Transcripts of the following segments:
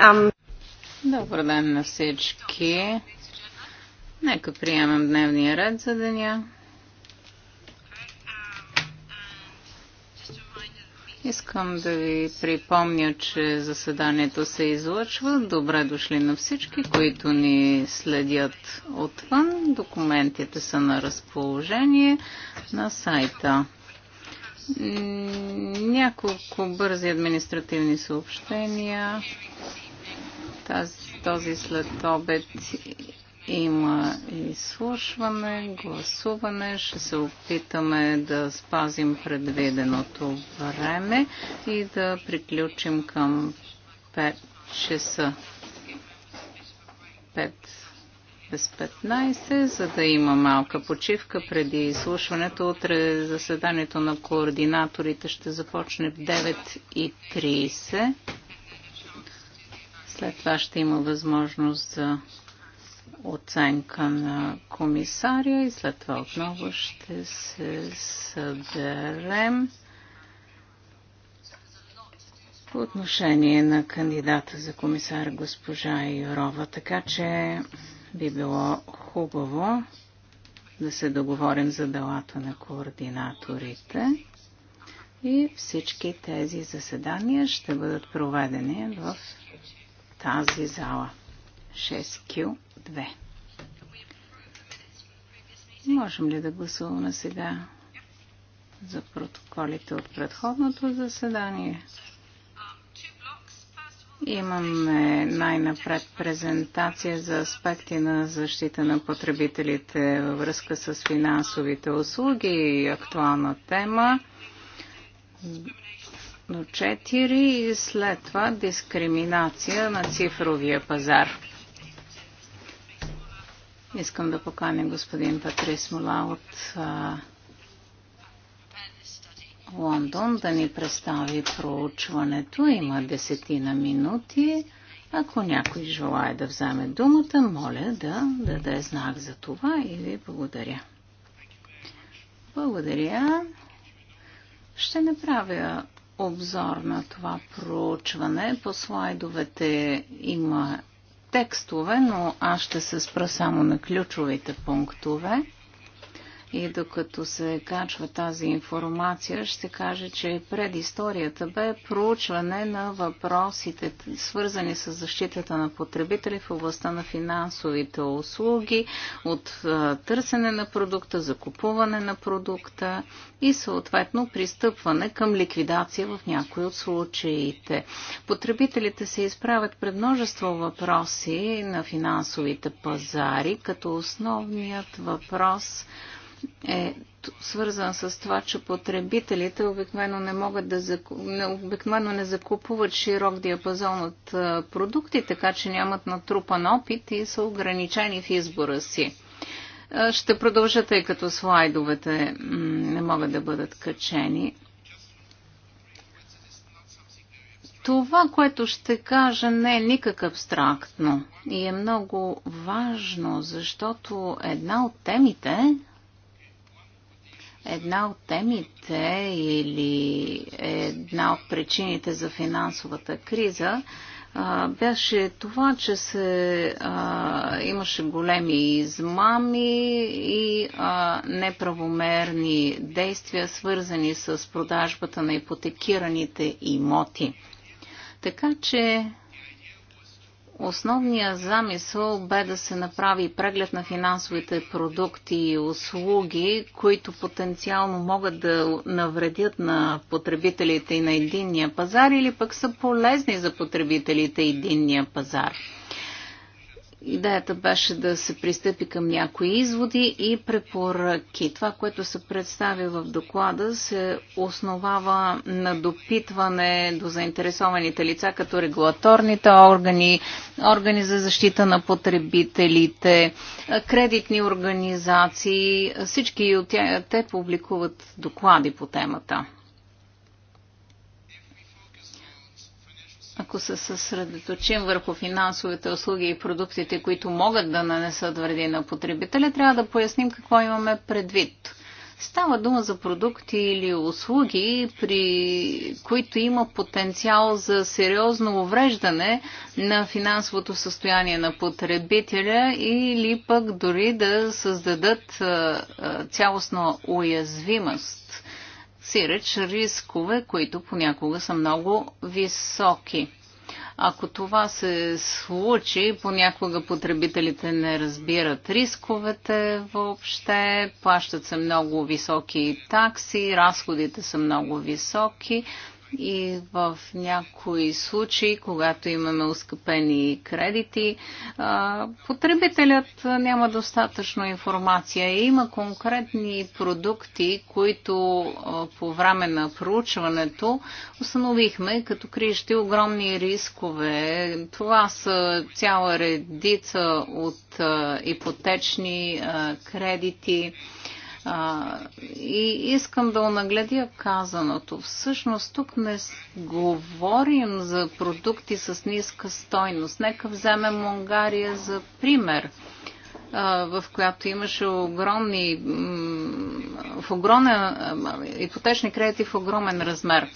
Um, Добър ден на всички. Нека приемем дневния ред за деня. Искам да ви припомня, че заседанието се излъчва. Добре дошли на всички, които ни следят отвън. Документите са на разположение на сайта. Няколко бързи административни съобщения. Тази, този след обед има изслушване, гласуване. Ще се опитаме да спазим предвиденото време и да приключим към 5 часа. 5 без 15, за да има малка почивка преди изслушването. Утре заседанието на координаторите ще започне в 9.30. След това ще има възможност за оценка на комисария и след това отново ще се съберем по отношение на кандидата за комисар госпожа Юрова. Така че би било хубаво да се договорим за делата на координаторите и всички тези заседания ще бъдат проведени в тази зала 6Q2. Можем ли да гласуваме сега за протоколите от предходното заседание? Имаме най-напред презентация за аспекти на защита на потребителите във връзка с финансовите услуги и актуална тема Но 4 и след това дискриминация на цифровия пазар. Искам да поканя господин Патрис Мула от Лондон да ни представи проучването. Има десетина минути. Ако някой желая да вземе думата, моля да даде знак за това и ви благодаря. Благодаря. Ще направя обзор на това проучване. По слайдовете има текстове, но аз ще се спра само на ключовите пунктове. И докато се качва тази информация, ще кажа, че предисторията бе проучване на въпросите, свързани с защитата на потребители в областта на финансовите услуги, от търсене на продукта, закупуване на продукта и съответно пристъпване към ликвидация в някои от случаите. Потребителите се изправят пред множество въпроси на финансовите пазари, като основният въпрос – е свързан с това, че потребителите обикновено не могат да обикновено не закупуват широк диапазон от продукти, така че нямат натрупан опит и са ограничени в избора си. Ще продължа, тъй като слайдовете не могат да бъдат качени. Това, което ще кажа, не е никак абстрактно и е много важно, защото една от темите, Една от темите или една от причините за финансовата криза беше това, че се а, имаше големи измами и а, неправомерни действия, свързани с продажбата на ипотекираните имоти. Така че Основният замисъл бе да се направи преглед на финансовите продукти и услуги, които потенциално могат да навредят на потребителите и на единния пазар или пък са полезни за потребителите и единния пазар. Идеята беше да се пристъпи към някои изводи и препоръки. Това, което се представи в доклада, се основава на допитване до заинтересованите лица, като регулаторните органи, органи за защита на потребителите, кредитни организации. Всички от тях те публикуват доклади по темата. ако се съсредоточим върху финансовите услуги и продуктите, които могат да нанесат вреди на потребителя, трябва да поясним какво имаме предвид. Става дума за продукти или услуги, при които има потенциал за сериозно увреждане на финансовото състояние на потребителя или пък дори да създадат цялостна уязвимост сиреч рискове, които понякога са много високи. Ако това се случи, понякога потребителите не разбират рисковете въобще, плащат се много високи такси, разходите са много високи, и в някои случаи, когато имаме ускъпени кредити, потребителят няма достатъчно информация. и Има конкретни продукти, които по време на проучването установихме като крищи огромни рискове. Това са цяла редица от ипотечни кредити а, и искам да онагледя казаното. Всъщност тук не говорим за продукти с ниска стойност. Нека вземем Унгария за пример в която имаше огромни, в огромен, ипотечни кредити в огромен размер.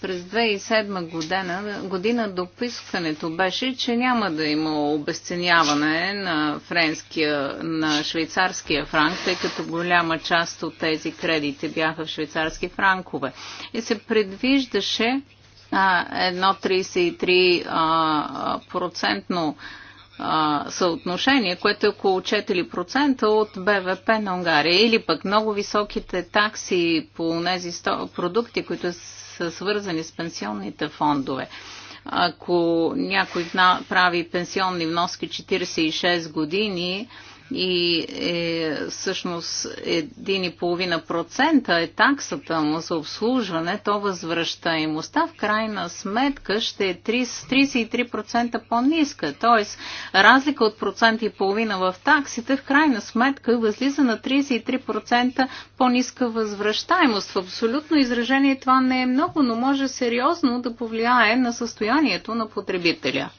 През 2007 година, година допискането беше, че няма да има обесценяване на, френския, на швейцарския франк, тъй като голяма част от тези кредити бяха в швейцарски франкове. И се предвиждаше едно 33% съотношение, което е около 4% от БВП на Унгария. Или пък много високите такси по тези продукти, които са свързани с пенсионните фондове. Ако някой прави пенсионни вноски 46 години, и е, всъщност 1,5% е таксата му за обслужване, то възвръщаемостта в крайна сметка ще е 30, 33% по-ниска. Тоест, разлика от процент и половина в таксите в крайна сметка възлиза на 33% по-ниска възвръщаемост. В абсолютно изражение това не е много, но може сериозно да повлияе на състоянието на потребителя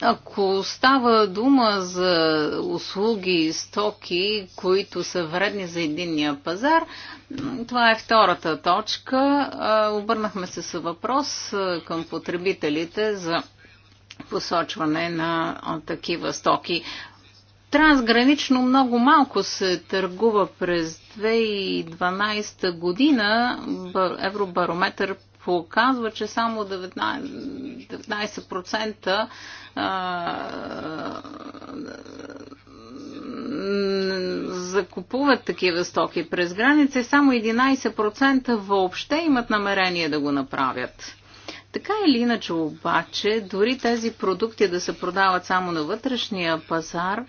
ако става дума за услуги и стоки, които са вредни за единния пазар, това е втората точка. Обърнахме се с въпрос към потребителите за посочване на такива стоки. Трансгранично много малко се търгува през 2012 година. Евробарометър показва, че само 19%, закупуват такива стоки през граница и само 11% въобще имат намерение да го направят. Така или иначе обаче, дори тези продукти да се продават само на вътрешния пазар,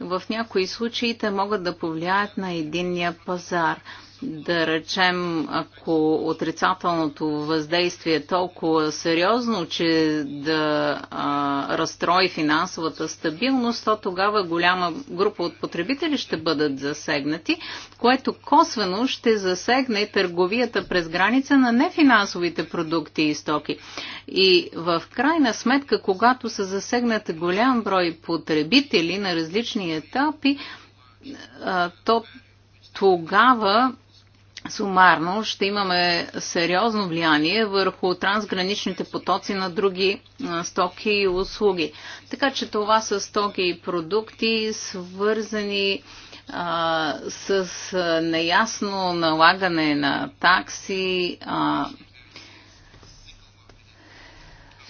в някои случаи те могат да повлияят на единния пазар да речем, ако отрицателното въздействие е толкова сериозно, че да а, разстрои финансовата стабилност, то тогава голяма група от потребители ще бъдат засегнати, което косвено ще засегне търговията през граница на нефинансовите продукти и стоки. И в крайна сметка, когато са засегнат голям брой потребители на различни етапи, а, то тогава сумарно ще имаме сериозно влияние върху трансграничните потоци на други стоки и услуги. Така че това са стоки и продукти, свързани а, с неясно налагане на такси, а,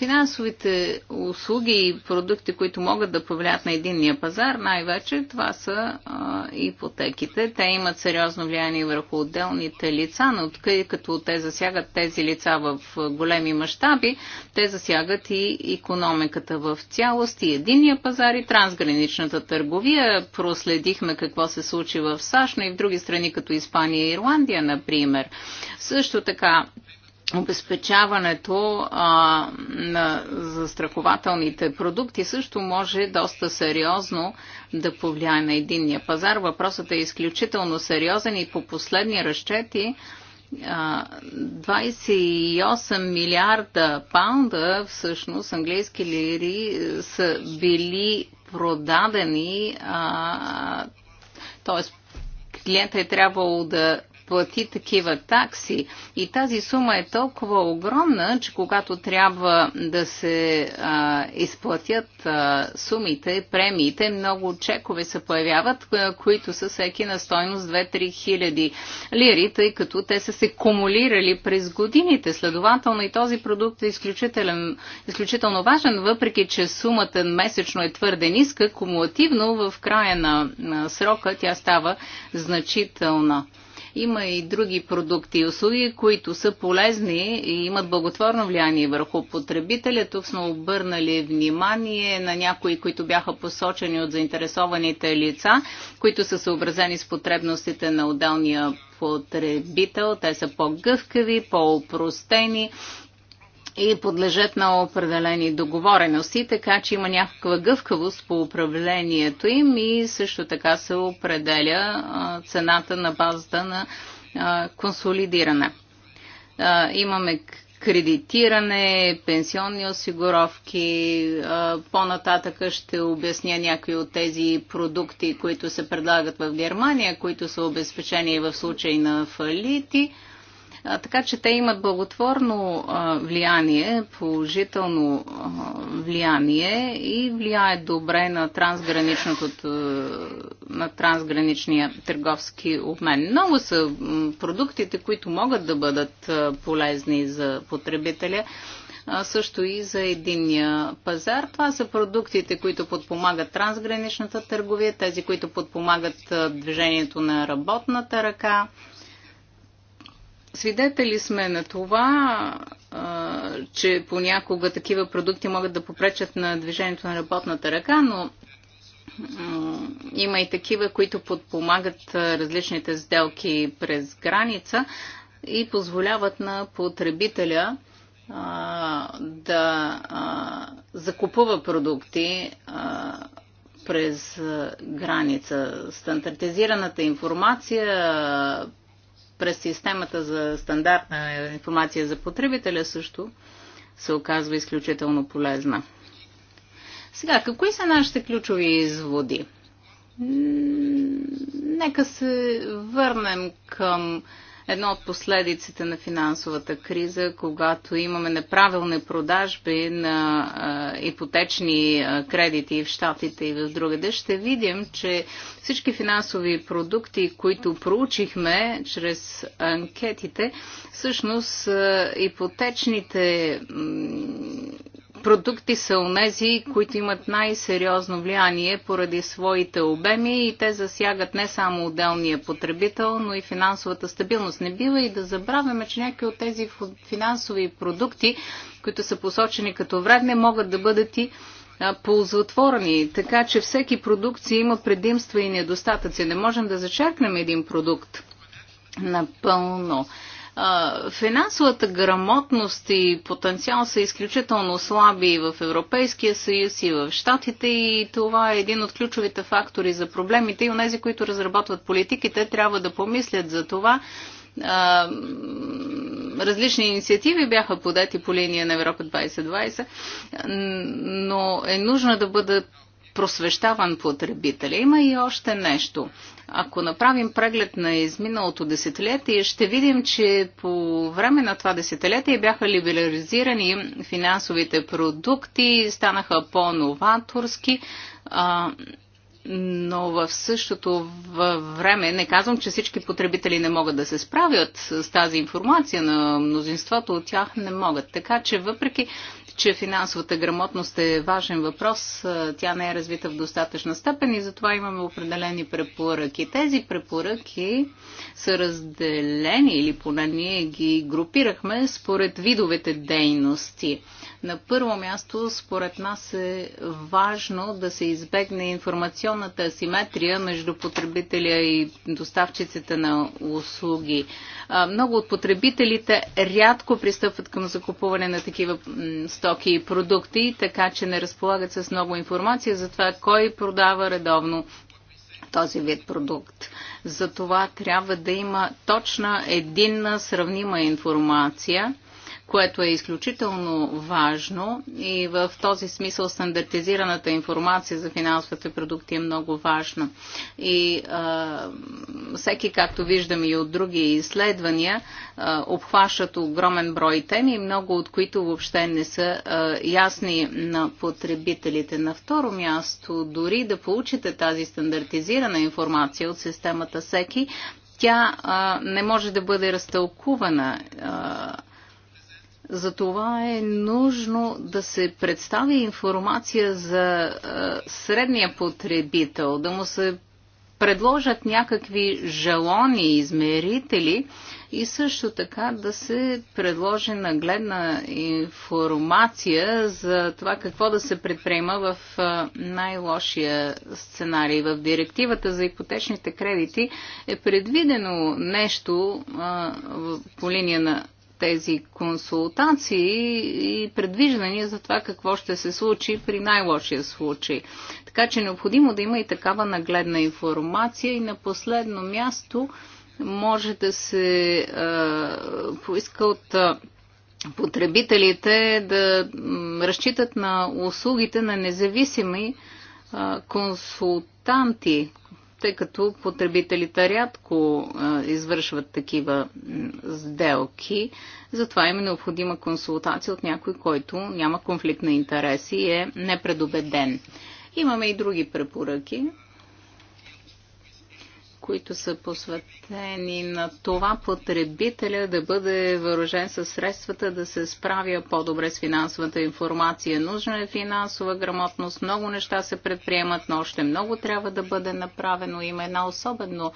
Финансовите услуги и продукти, които могат да повлият на единния пазар, най-вече това са а, ипотеките. Те имат сериозно влияние върху отделните лица, но тъй като те засягат тези лица в големи мащаби, те засягат и економиката в цялост, и единния пазар, и трансграничната търговия. Проследихме какво се случи в САЩ, но и в други страни, като Испания и Ирландия, например. Също така, обезпечаването а, на застрахователните продукти също може доста сериозно да повлияе на единния пазар. Въпросът е изключително сериозен и по последни разчети 28 милиарда паунда всъщност английски лири са били продадени, т.е. клиента е трябвало да плати такива такси. И тази сума е толкова огромна, че когато трябва да се а, изплатят а, сумите, премиите, много чекове се появяват, които са всеки на стойност 2-3 хиляди лири, тъй като те са се кумулирали през годините. Следователно и този продукт е изключителен, изключително важен, въпреки че сумата месечно е твърде ниска, кумулативно в края на, на срока тя става значителна. Има и други продукти и услуги, които са полезни и имат благотворно влияние върху потребителя. Тук сме обърнали внимание на някои, които бяха посочени от заинтересованите лица, които са съобразени с потребностите на отделния потребител. Те са по-гъвкави, по-упростени и подлежат на определени договорености, така че има някаква гъвкавост по управлението им и също така се определя цената на базата на консолидиране. Имаме кредитиране, пенсионни осигуровки. По-нататъка ще обясня някои от тези продукти, които се предлагат в Германия, които са обезпечени в случай на фалити така че те имат благотворно влияние, положително влияние и влияе добре на, трансграничното, на трансграничния търговски обмен. Много са продуктите, които могат да бъдат полезни за потребителя също и за единния пазар. Това са продуктите, които подпомагат трансграничната търговия, тези, които подпомагат движението на работната ръка, Свидетели сме на това, че понякога такива продукти могат да попречат на движението на работната ръка, но има и такива, които подпомагат различните сделки през граница и позволяват на потребителя да закупува продукти през граница. Стандартизираната информация през системата за стандартна информация за потребителя също се оказва изключително полезна. Сега, какви са нашите ключови изводи? Нека се върнем към едно от последиците на финансовата криза, когато имаме неправилни продажби на ипотечни кредити в Штатите и в другаде, ще видим, че всички финансови продукти, които проучихме чрез анкетите, всъщност ипотечните продукти са унези, които имат най-сериозно влияние поради своите обеми и те засягат не само отделния потребител, но и финансовата стабилност. Не бива и да забравяме, че някои от тези финансови продукти, които са посочени като вредни, могат да бъдат и ползотворни, така че всеки продукт си има предимства и недостатъци. Не можем да зачеркнем един продукт напълно. Финансовата грамотност и потенциал са изключително слаби в Европейския съюз и в Штатите и това е един от ключовите фактори за проблемите и онези, които разработват политиките, трябва да помислят за това. Различни инициативи бяха подети по линия на Европа 2020, но е нужно да бъдат просвещаван потребителя. Има и още нещо. Ако направим преглед на изминалото десетилетие, ще видим, че по време на това десетилетие бяха либерализирани финансовите продукти, станаха по-новаторски, но в същото време, не казвам, че всички потребители не могат да се справят с тази информация, на мнозинството от тях не могат. Така че въпреки че финансовата грамотност е важен въпрос. Тя не е развита в достатъчна степен и затова имаме определени препоръки. Тези препоръки са разделени или поне ние ги групирахме според видовете дейности. На първо място, според нас е важно да се избегне информационната асиметрия между потребителя и доставчиците на услуги. Много от потребителите рядко пристъпват към закупуване на такива стоки и продукти, така че не разполагат с много информация за това кой продава редовно този вид продукт. Затова трябва да има точна, единна, сравнима информация – което е изключително важно и в този смисъл стандартизираната информация за финансовите продукти е много важна. И а, всеки, както виждаме и от други изследвания, а, обхващат огромен брой теми, много от които въобще не са а, ясни на потребителите. На второ място, дори да получите тази стандартизирана информация от системата Секи, тя а, не може да бъде разтълкувана. А, затова е нужно да се представи информация за е, средния потребител, да му се предложат някакви жалони, измерители и също така да се предложи нагледна информация за това какво да се предприема в най-лошия сценарий. В директивата за ипотечните кредити е предвидено нещо а, по линия на тези консултации и предвиждания за това какво ще се случи при най-лошия случай. Така че е необходимо да има и такава нагледна информация и на последно място може да се е, поиска от потребителите да разчитат на услугите на независими консултанти, тъй като потребителите рядко извършват такива сделки. Затова им е необходима консултация от някой, който няма конфликт на интереси и е непредобеден. Имаме и други препоръки които са посветени на това потребителя да бъде въоръжен със средствата да се справя по-добре с финансовата информация. Нужна е финансова грамотност, много неща се предприемат, но още много трябва да бъде направено. Има една особено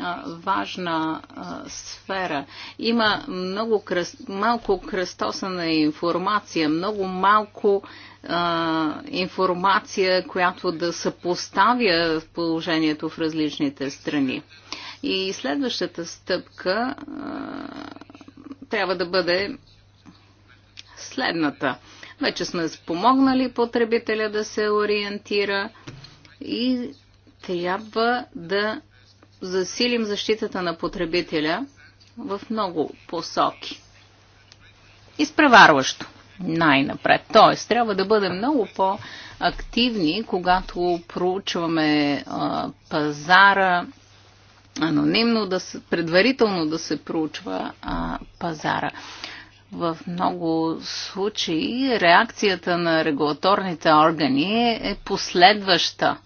а, важна а, сфера. Има много кръс... малко кръстосана информация, много малко информация, която да съпоставя положението в различните страни. И следващата стъпка а, трябва да бъде следната. Вече сме спомогнали потребителя да се ориентира и трябва да засилим защитата на потребителя в много посоки. Изпреварващо най-напред. Тоест, трябва да бъдем много по-активни, когато проучваме а, пазара, анонимно, да се, предварително да се проучва а, пазара. В много случаи реакцията на регулаторните органи е последваща.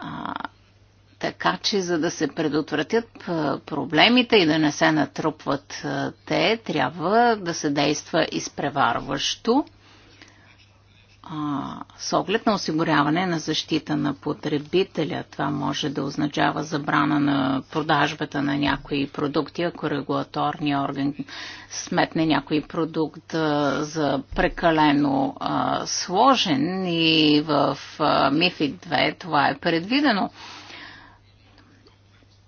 А, така че за да се предотвратят проблемите и да не се натрупват те, трябва да се действа изпреварващо а, с оглед на осигуряване на защита на потребителя. Това може да означава забрана на продажбата на някои продукти, ако регулаторния орган сметне някой продукт за прекалено а, сложен и в а, MIFID 2 това е предвидено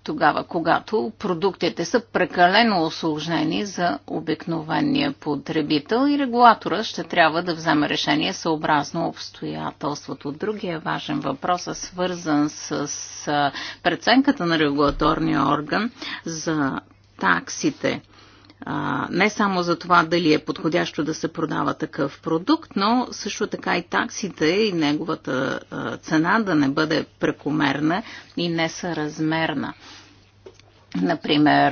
тогава, когато продуктите са прекалено осложнени за обикновения потребител и регулатора ще трябва да вземе решение съобразно обстоятелството. Другия важен въпрос е свързан с преценката на регулаторния орган за таксите а, не само за това дали е подходящо да се продава такъв продукт, но също така и таксите и неговата а, цена да не бъде прекомерна и несъразмерна. Например,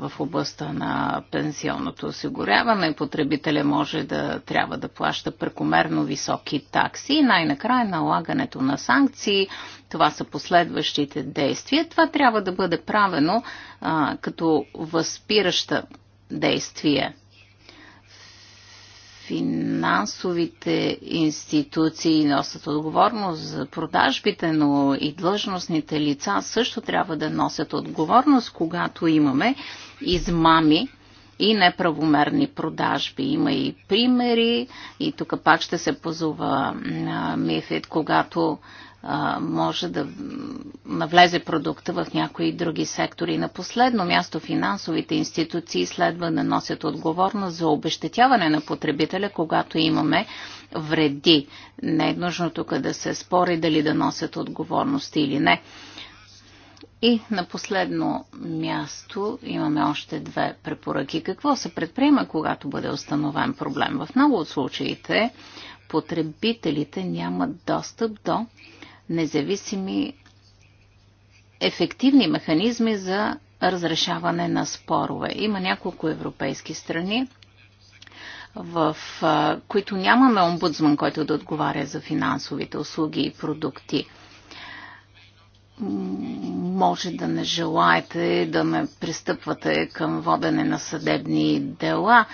в областта на пенсионното осигуряване потребителя може да трябва да плаща прекомерно високи такси и най-накрая налагането на санкции. Това са последващите действия. Това трябва да бъде правено а, като възпираща действия. Финансовите институции носят отговорност за продажбите, но и длъжностните лица също трябва да носят отговорност, когато имаме измами и неправомерни продажби. Има и примери, и тук пак ще се позова на Мифит, когато може да навлезе продукта в някои други сектори. На последно място финансовите институции следва да носят отговорност за обещетяване на потребителя, когато имаме вреди. Не е нужно тук да се спори дали да носят отговорност или не. И на последно място имаме още две препоръки. Какво се предприема, когато бъде установен проблем? В много от случаите потребителите нямат достъп до независими ефективни механизми за разрешаване на спорове. Има няколко европейски страни, в които нямаме омбудсман, който да отговаря за финансовите услуги и продукти. Може да не желаете да ме пристъпвате към водене на съдебни дела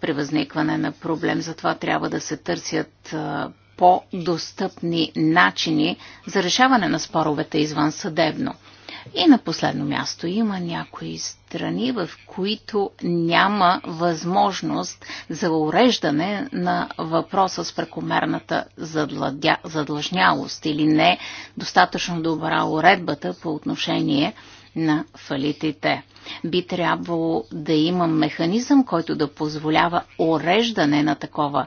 при възникване на проблем. Затова трябва да се търсят по-достъпни начини за решаване на споровете извън съдебно. И на последно място има някои страни, в които няма възможност за уреждане на въпроса с прекомерната задладя, задлъжнялост или не достатъчно добра уредбата по отношение на фалитите. Би трябвало да има механизъм, който да позволява уреждане на такова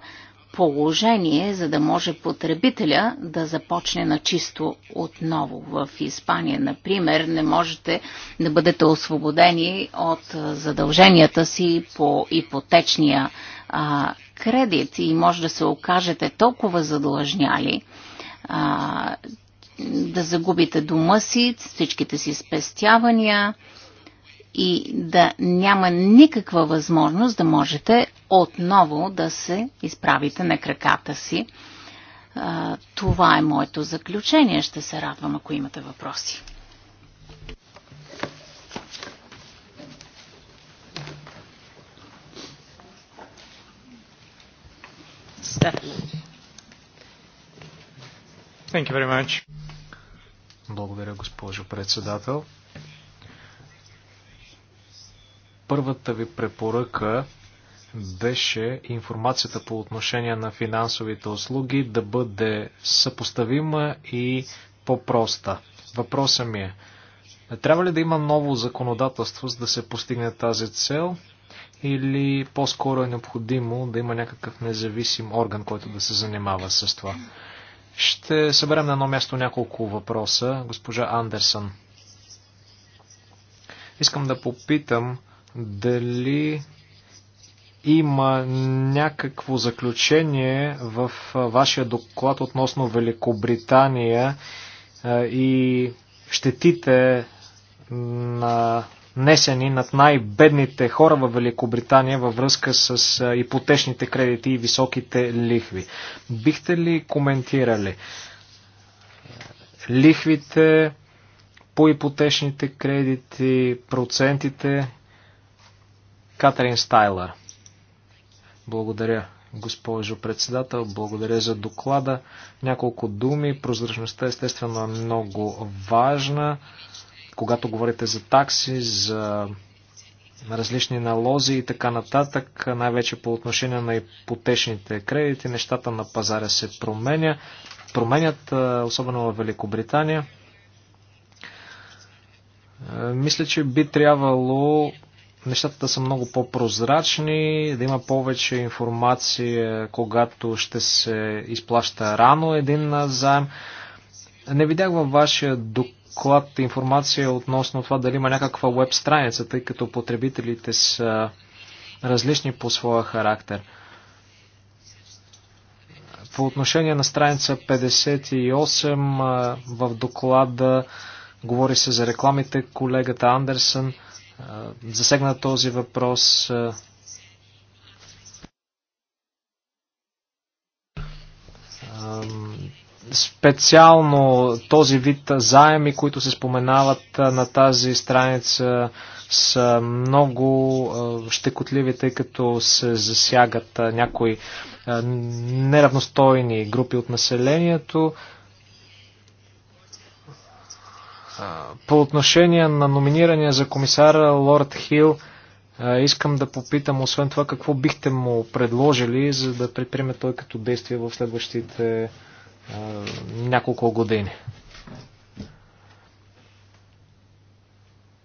положение, за да може потребителя да започне на чисто отново. В Испания, например, не можете да бъдете освободени от задълженията си по ипотечния а, кредит и може да се окажете толкова задлъжняли, а, да загубите дома си, всичките си спестявания, и да няма никаква възможност да можете отново да се изправите на краката си. Това е моето заключение. Ще се радвам, ако имате въпроси. Thank you very much. Благодаря, госпожо председател. Първата ви препоръка беше информацията по отношение на финансовите услуги да бъде съпоставима и по-проста. Въпросът ми е, трябва ли да има ново законодателство, за да се постигне тази цел? Или по-скоро е необходимо да има някакъв независим орган, който да се занимава с това? Ще съберем на едно място няколко въпроса. Госпожа Андерсън. Искам да попитам, дали има някакво заключение в вашия доклад относно Великобритания и щетите на несени над най-бедните хора в Великобритания във връзка с ипотечните кредити и високите лихви. Бихте ли коментирали лихвите по ипотечните кредити, процентите Катерин Стайлер. Благодаря, госпожо председател. Благодаря за доклада. Няколко думи. Прозрачността естествено е много важна. Когато говорите за такси, за различни налози и така нататък, най-вече по отношение на ипотечните кредити, нещата на пазара се променя, променят, особено в Великобритания. Мисля, че би трябвало нещата да са много по-прозрачни, да има повече информация, когато ще се изплаща рано един заем. Не видях във вашия доклад информация относно това дали има някаква веб страница, тъй като потребителите са различни по своя характер. По отношение на страница 58 в доклада говори се за рекламите колегата Андерсън засегна този въпрос. Специално този вид заеми, които се споменават на тази страница, са много щекотливи, тъй като се засягат някои неравностойни групи от населението. По отношение на номинирания за комисара Лорд Хил, искам да попитам, освен това, какво бихте му предложили, за да предприеме той като действие в следващите няколко години?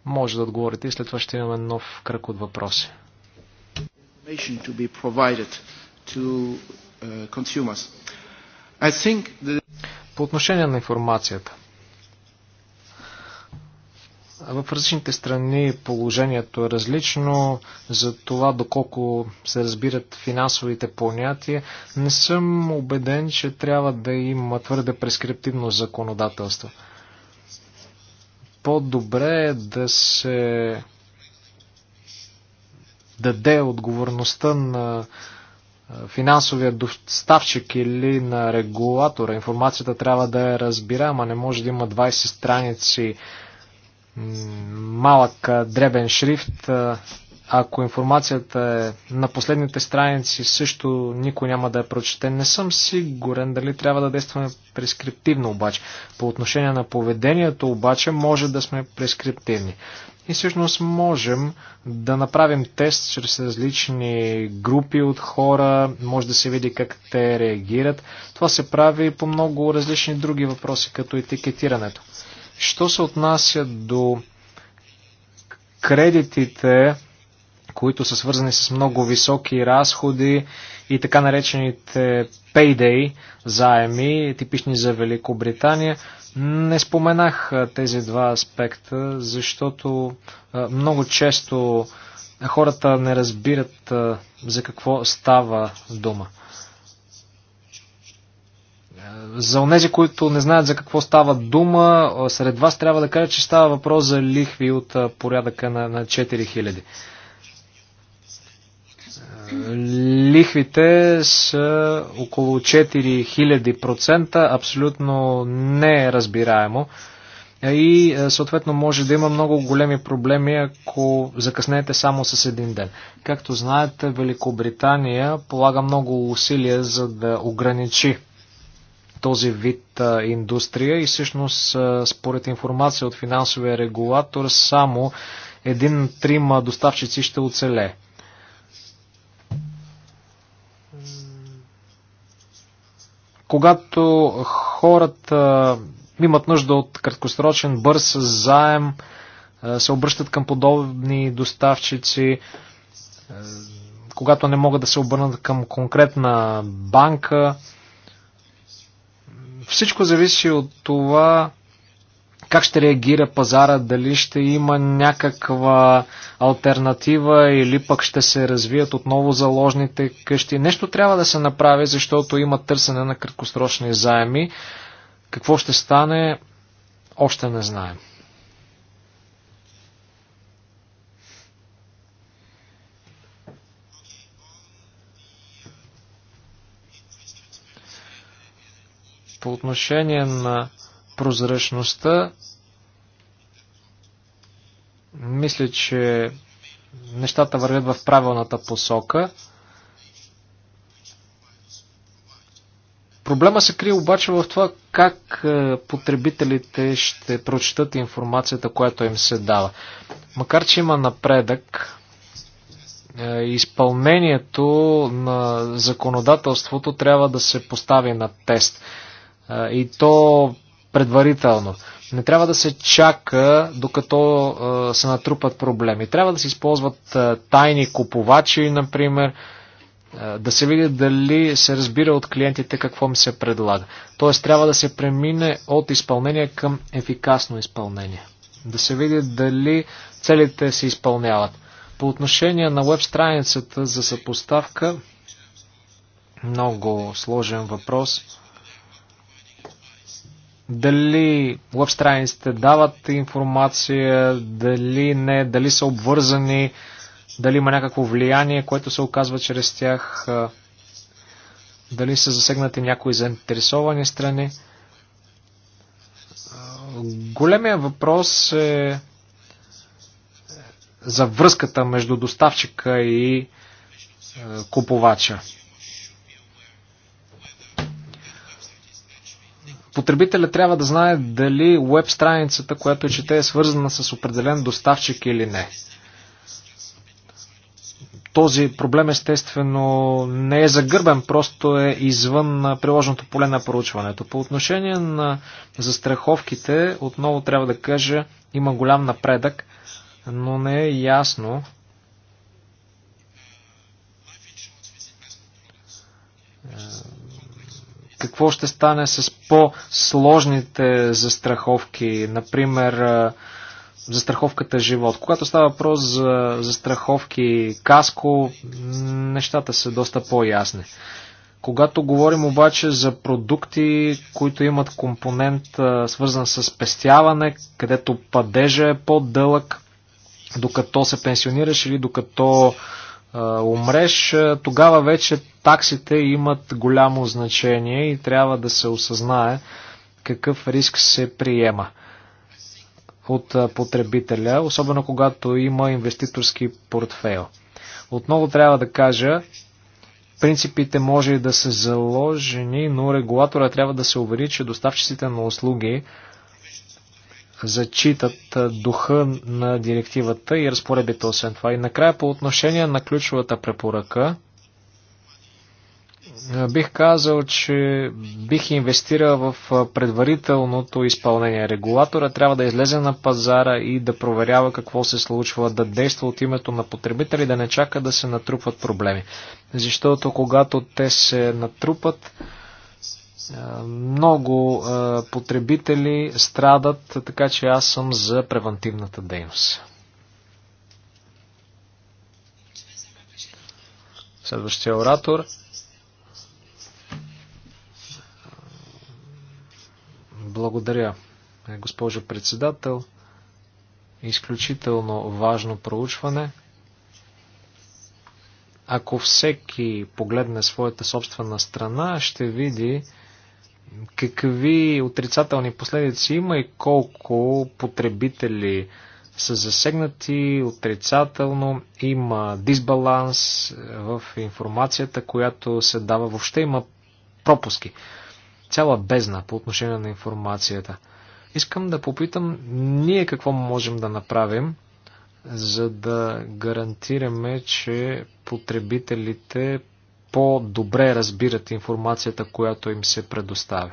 Може да отговорите и след това ще имаме нов кръг от въпроси. Uh, по отношение на информацията. В различните страни положението е различно, за това доколко се разбират финансовите понятия. Не съм убеден, че трябва да има твърде прескриптивно законодателство. По-добре е да се даде отговорността на финансовия доставчик или на регулатора. Информацията трябва да е разбираема, не може да има 20 страници малък дребен шрифт. Ако информацията е на последните страници, също никой няма да я прочете. Не съм сигурен дали трябва да действаме прескриптивно обаче. По отношение на поведението обаче може да сме прескриптивни. И всъщност можем да направим тест чрез различни групи от хора, може да се види как те реагират. Това се прави по много различни други въпроси, като етикетирането. Що се отнася до кредитите, които са свързани с много високи разходи и така наречените payday заеми, типични за Великобритания. Не споменах тези два аспекта, защото много често хората не разбират за какво става дума. За онези, които не знаят за какво става дума, сред вас трябва да кажа, че става въпрос за лихви от порядъка на, на 4000. Лихвите са около 4000%, абсолютно неразбираемо. И съответно може да има много големи проблеми, ако закъснете само с един ден. Както знаете, Великобритания полага много усилия за да ограничи този вид а, индустрия и всъщност а, според информация от финансовия регулатор само един трима доставчици ще оцеле. Когато хората имат нужда от краткосрочен бърз заем, се обръщат към подобни доставчици, когато не могат да се обърнат към конкретна банка, всичко зависи от това как ще реагира пазара, дали ще има някаква альтернатива или пък ще се развият отново заложните къщи. Нещо трябва да се направи, защото има търсене на краткосрочни заеми. Какво ще стане, още не знаем. По отношение на прозрачността, мисля, че нещата вървят в правилната посока. Проблема се крие обаче в това как е, потребителите ще прочитат информацията, която им се дава. Макар, че има напредък, е, изпълнението на законодателството трябва да се постави на тест и то предварително. Не трябва да се чака докато се натрупат проблеми. Трябва да се използват тайни купувачи, например, да се види дали се разбира от клиентите какво ми се предлага. Тоест трябва да се премине от изпълнение към ефикасно изпълнение. Да се види дали целите се изпълняват. По отношение на веб страницата за съпоставка, много сложен въпрос дали веб страниците дават информация, дали не, дали са обвързани, дали има някакво влияние, което се оказва чрез тях, дали са засегнати някои заинтересовани страни. Големия въпрос е за връзката между доставчика и купувача. Потребителя трябва да знае дали веб страницата, която е чете, е свързана с определен доставчик или не. Този проблем естествено не е загърбен, просто е извън приложеното поле на проучването. По отношение на застраховките, отново трябва да кажа, има голям напредък, но не е ясно какво ще стане с по-сложните застраховки, например застраховката живот? Когато става въпрос за застраховки каско, нещата са доста по-ясни. Когато говорим обаче за продукти, които имат компонент свързан с пестяване, където падежа е по-дълъг, докато се пенсионираш или докато умреш, тогава вече таксите имат голямо значение и трябва да се осъзнае какъв риск се приема от потребителя, особено когато има инвеститорски портфейл. Отново трябва да кажа, принципите може и да са заложени, но регулатора трябва да се увери, че доставчиците на услуги зачитат духа на директивата и разпоредбите освен това. И накрая по отношение на ключовата препоръка, е, бих казал, че бих инвестирал в е, предварителното изпълнение. Регулатора трябва да излезе на пазара и да проверява какво се случва, да действа от името на потребители, да не чака да се натрупват проблеми. Защото когато те се натрупат, е, много потребители страдат, така че аз съм за превентивната дейност. Следващия оратор – Благодаря, госпожо председател. Изключително важно проучване. Ако всеки погледне своята собствена страна, ще види какви отрицателни последици има и колко потребители са засегнати отрицателно, има дисбаланс в информацията, която се дава, въобще има пропуски цяла бездна по отношение на информацията. Искам да попитам ние какво можем да направим, за да гарантираме, че потребителите по-добре разбират информацията, която им се предоставя.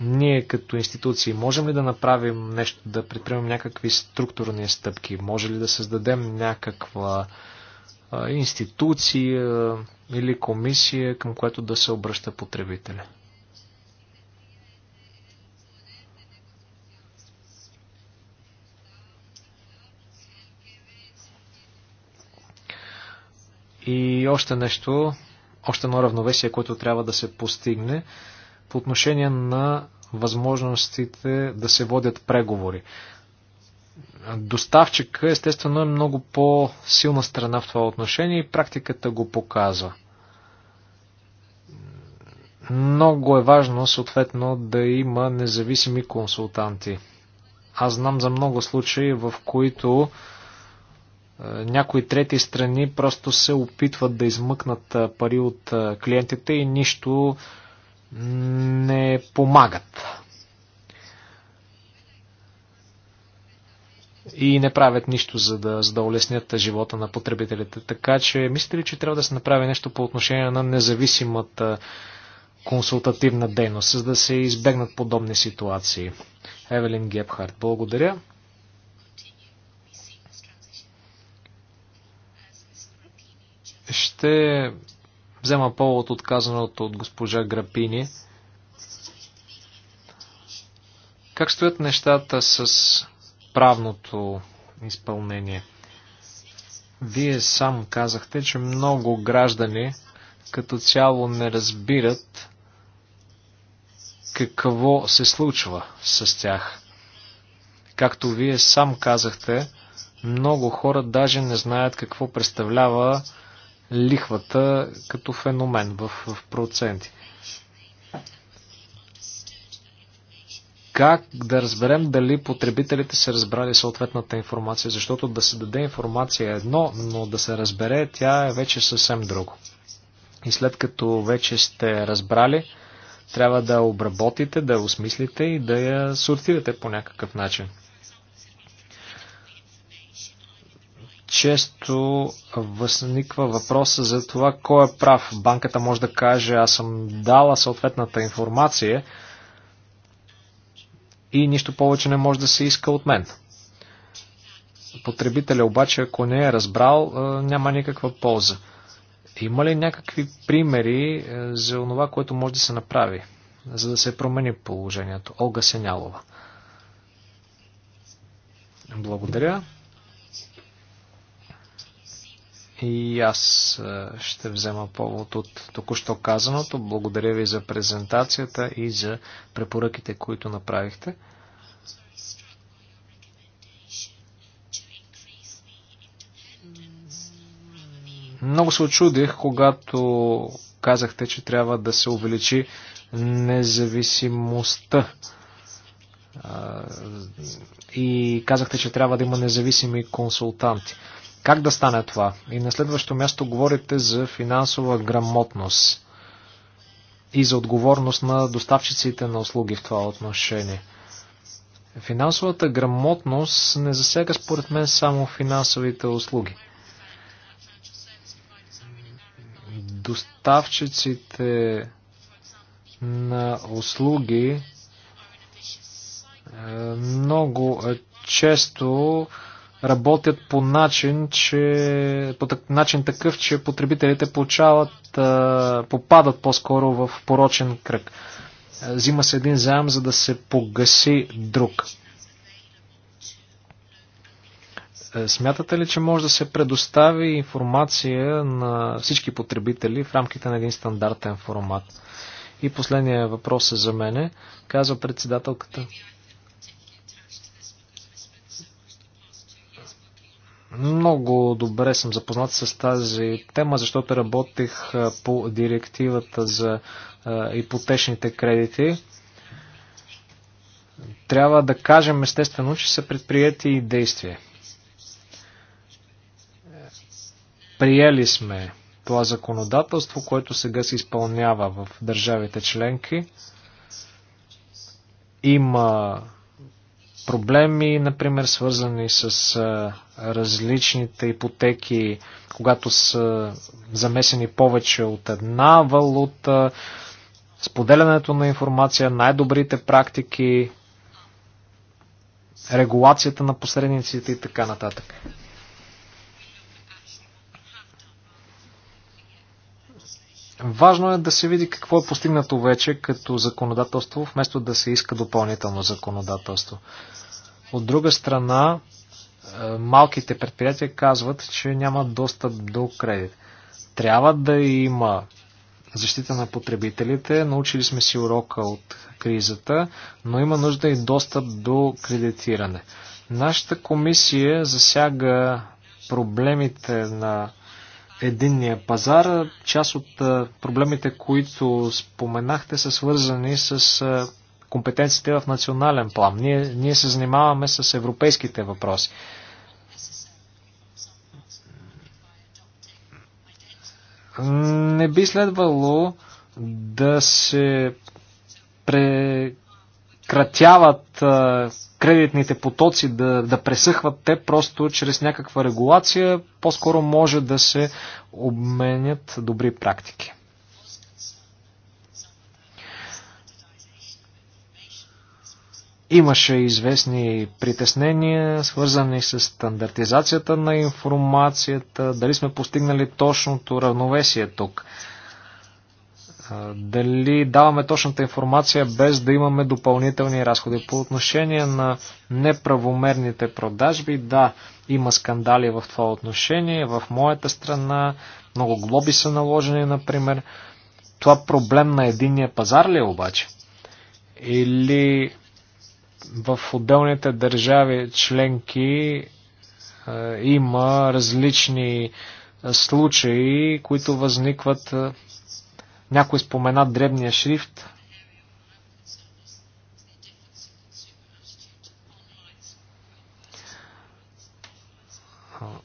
Ние като институции можем ли да направим нещо, да предприемем някакви структурни стъпки? Може ли да създадем някаква институция, или комисия, към която да се обръща потребителя. И още нещо, още едно равновесие, което трябва да се постигне по отношение на възможностите да се водят преговори. Доставчика естествено е много по-силна страна в това отношение и практиката го показва. Много е важно съответно да има независими консултанти. Аз знам за много случаи, в които е, някои трети страни просто се опитват да измъкнат е, пари от е, клиентите и нищо не помагат. и не правят нищо, за да, за да улеснят живота на потребителите. Така че, мислите ли, че трябва да се направи нещо по отношение на независимата консултативна дейност, за да се избегнат подобни ситуации? Евелин Гепхарт, благодаря. Ще взема повод от казаното от госпожа Грапини. Как стоят нещата с правното изпълнение. Вие сам казахте, че много граждани като цяло не разбират какво се случва с тях. Както вие сам казахте, много хора даже не знаят какво представлява лихвата като феномен в, в проценти. как да разберем дали потребителите са разбрали съответната информация, защото да се даде информация е едно, но да се разбере тя е вече съвсем друго. И след като вече сте разбрали, трябва да обработите, да я осмислите и да я сортирате по някакъв начин. често възниква въпроса за това кой е прав. Банката може да каже, аз съм дала съответната информация, и нищо повече не може да се иска от мен. Потребителя обаче, ако не е разбрал, няма никаква полза. Има ли някакви примери за това, което може да се направи, за да се промени положението? Олга Сенялова. Благодаря. И аз е, ще взема повод от току-що казаното. Благодаря ви за презентацията и за препоръките, които направихте. Много се очудих, когато казахте, че трябва да се увеличи независимостта. Е, и казахте, че трябва да има независими консултанти. Как да стане това? И на следващо място говорите за финансова грамотност и за отговорност на доставчиците на услуги в това отношение. Финансовата грамотност не засяга според мен само финансовите услуги. Доставчиците на услуги е, много често работят по начин, че, по так, начин такъв, че потребителите получават, а, попадат по-скоро в порочен кръг. Взима се един заем, за да се погаси друг. Е, смятате ли, че може да се предостави информация на всички потребители в рамките на един стандартен формат? И последния въпрос е за мене, казва председателката. Много добре съм запознат с тази тема, защото работих по директивата за ипотечните кредити. Трябва да кажем естествено, че са предприяти и действия. Приели сме това законодателство, което сега се изпълнява в държавите членки. Има проблеми, например, свързани с различните ипотеки, когато са замесени повече от една валута, споделянето на информация, най-добрите практики, регулацията на посредниците и така нататък. Важно е да се види какво е постигнато вече като законодателство, вместо да се иска допълнително законодателство. От друга страна, е, малките предприятия казват, че нямат достъп до кредит. Трябва да има защита на потребителите, научили сме си урока от кризата, но има нужда и достъп до кредитиране. Нашата комисия засяга проблемите на единния пазар. Част от проблемите, които споменахте, са свързани с компетенциите в национален план. Ние, ние се занимаваме с европейските въпроси. Не би следвало да се пре прекратяват а, кредитните потоци да, да пресъхват те просто чрез някаква регулация, по-скоро може да се обменят добри практики. Имаше известни притеснения, свързани с стандартизацията на информацията, дали сме постигнали точното равновесие тук. А, дали даваме точната информация без да имаме допълнителни разходи. По отношение на неправомерните продажби, да, има скандали в това отношение, в моята страна, много глоби са наложени, например. Това проблем на единния пазар ли е обаче? Или в отделните държави членки има различни случаи, които възникват някой спомена дребния шрифт.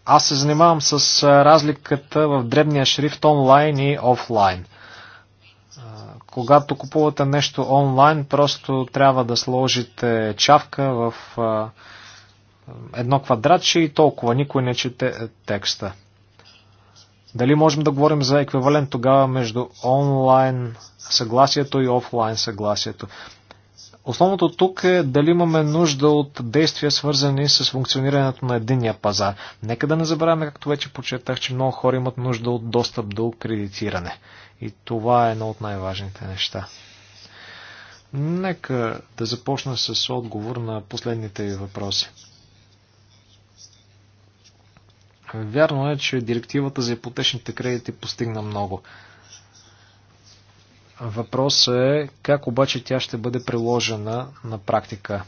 Аз се занимавам с разликата в дребния шрифт онлайн и офлайн. Когато купувате нещо онлайн, просто трябва да сложите чавка в едно квадратче и толкова никой не чете текста. Дали можем да говорим за еквивалент тогава между онлайн съгласието и офлайн съгласието? Основното тук е дали имаме нужда от действия свързани с функционирането на единния пазар. Нека да не забравяме, както вече почетах, че много хора имат нужда от достъп до кредитиране. И това е едно от най-важните неща. Нека да започна с отговор на последните ви въпроси. Вярно е, че директивата за ипотечните кредити постигна много. Въпросът е как обаче тя ще бъде приложена на практика.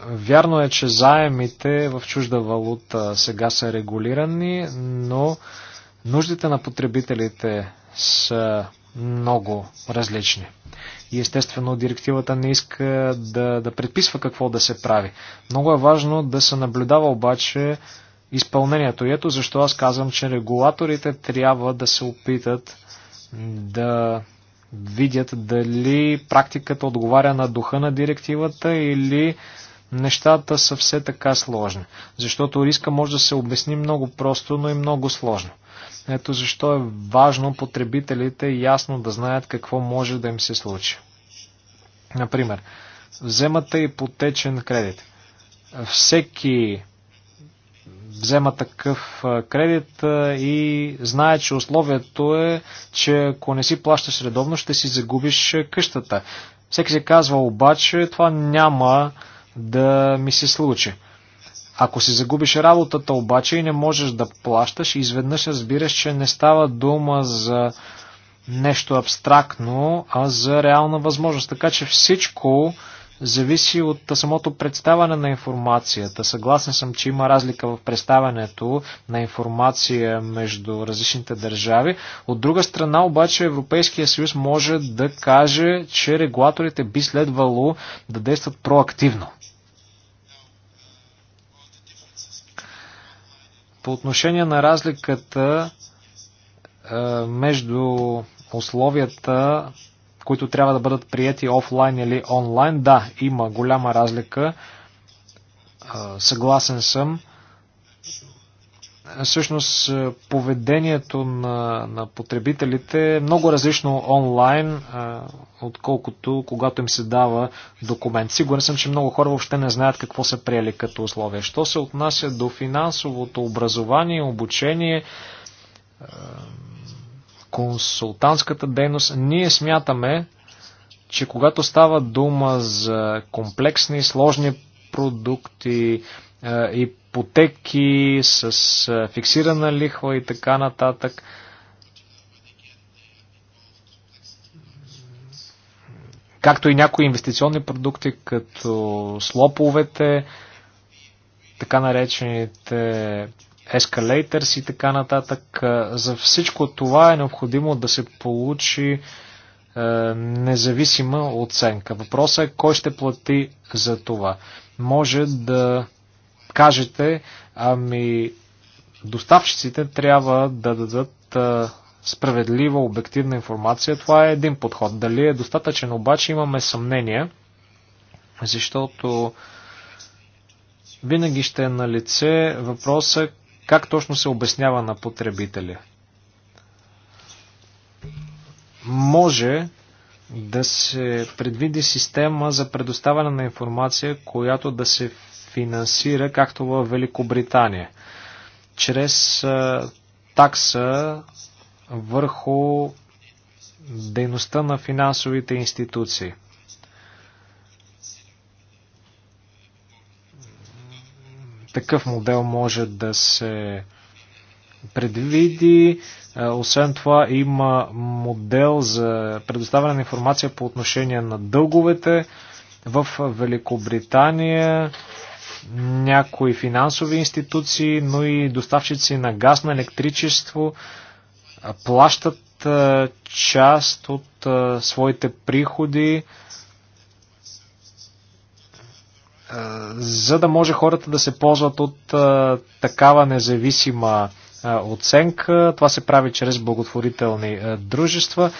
Вярно е, че заемите в чужда валута сега са регулирани, но нуждите на потребителите са много различни и естествено директивата не иска да, да предписва какво да се прави. Много е важно да се наблюдава обаче изпълнението. И ето защо аз казвам, че регулаторите трябва да се опитат да видят дали практиката отговаря на духа на директивата или нещата са все така сложни. Защото риска може да се обясни много просто, но и много сложно. Ето защо е важно потребителите ясно да знаят какво може да им се случи. Например, вземате ипотечен кредит. Всеки взема такъв кредит и знае, че условието е, че ако не си плащаш редовно, ще си загубиш къщата. Всеки се казва обаче, това няма да ми се случи. Ако си загубиш работата обаче и не можеш да плащаш, изведнъж разбираш, че не става дума за нещо абстрактно, а за реална възможност. Така че всичко зависи от самото представане на информацията. Съгласен съм, че има разлика в представянето на информация между различните държави. От друга страна, обаче, Европейския съюз може да каже, че регулаторите би следвало да действат проактивно. По отношение на разликата е, между условията, които трябва да бъдат прияти офлайн или онлайн, да, има голяма разлика. Е, съгласен съм всъщност е, поведението на, на потребителите е много различно онлайн, е, отколкото когато им се дава документ. Сигурен съм, че много хора въобще не знаят какво са приели като условия. Що се отнася до финансовото образование, обучение, е, консултантската дейност, ние смятаме, че когато става дума за комплексни, сложни продукти, ипотеки с фиксирана лихва и така нататък. Както и някои инвестиционни продукти, като слоповете, така наречените ескалейтърс и така нататък. За всичко това е необходимо да се получи независима оценка. Въпросът е кой ще плати за това. Може да кажете, ами доставчиците трябва да дадат справедлива, обективна информация. Това е един подход. Дали е достатъчен, обаче имаме съмнение, защото винаги ще е на лице въпроса как точно се обяснява на потребителя. Може да се предвиди система за предоставяне на информация, която да се финансира, както в Великобритания, чрез такса върху дейността на финансовите институции. Такъв модел може да се предвиди. Освен това има модел за предоставяне на информация по отношение на дълговете в Великобритания някои финансови институции, но и доставчици на газ, на електричество плащат част от своите приходи, за да може хората да се ползват от такава независима оценка. Това се прави чрез благотворителни дружества.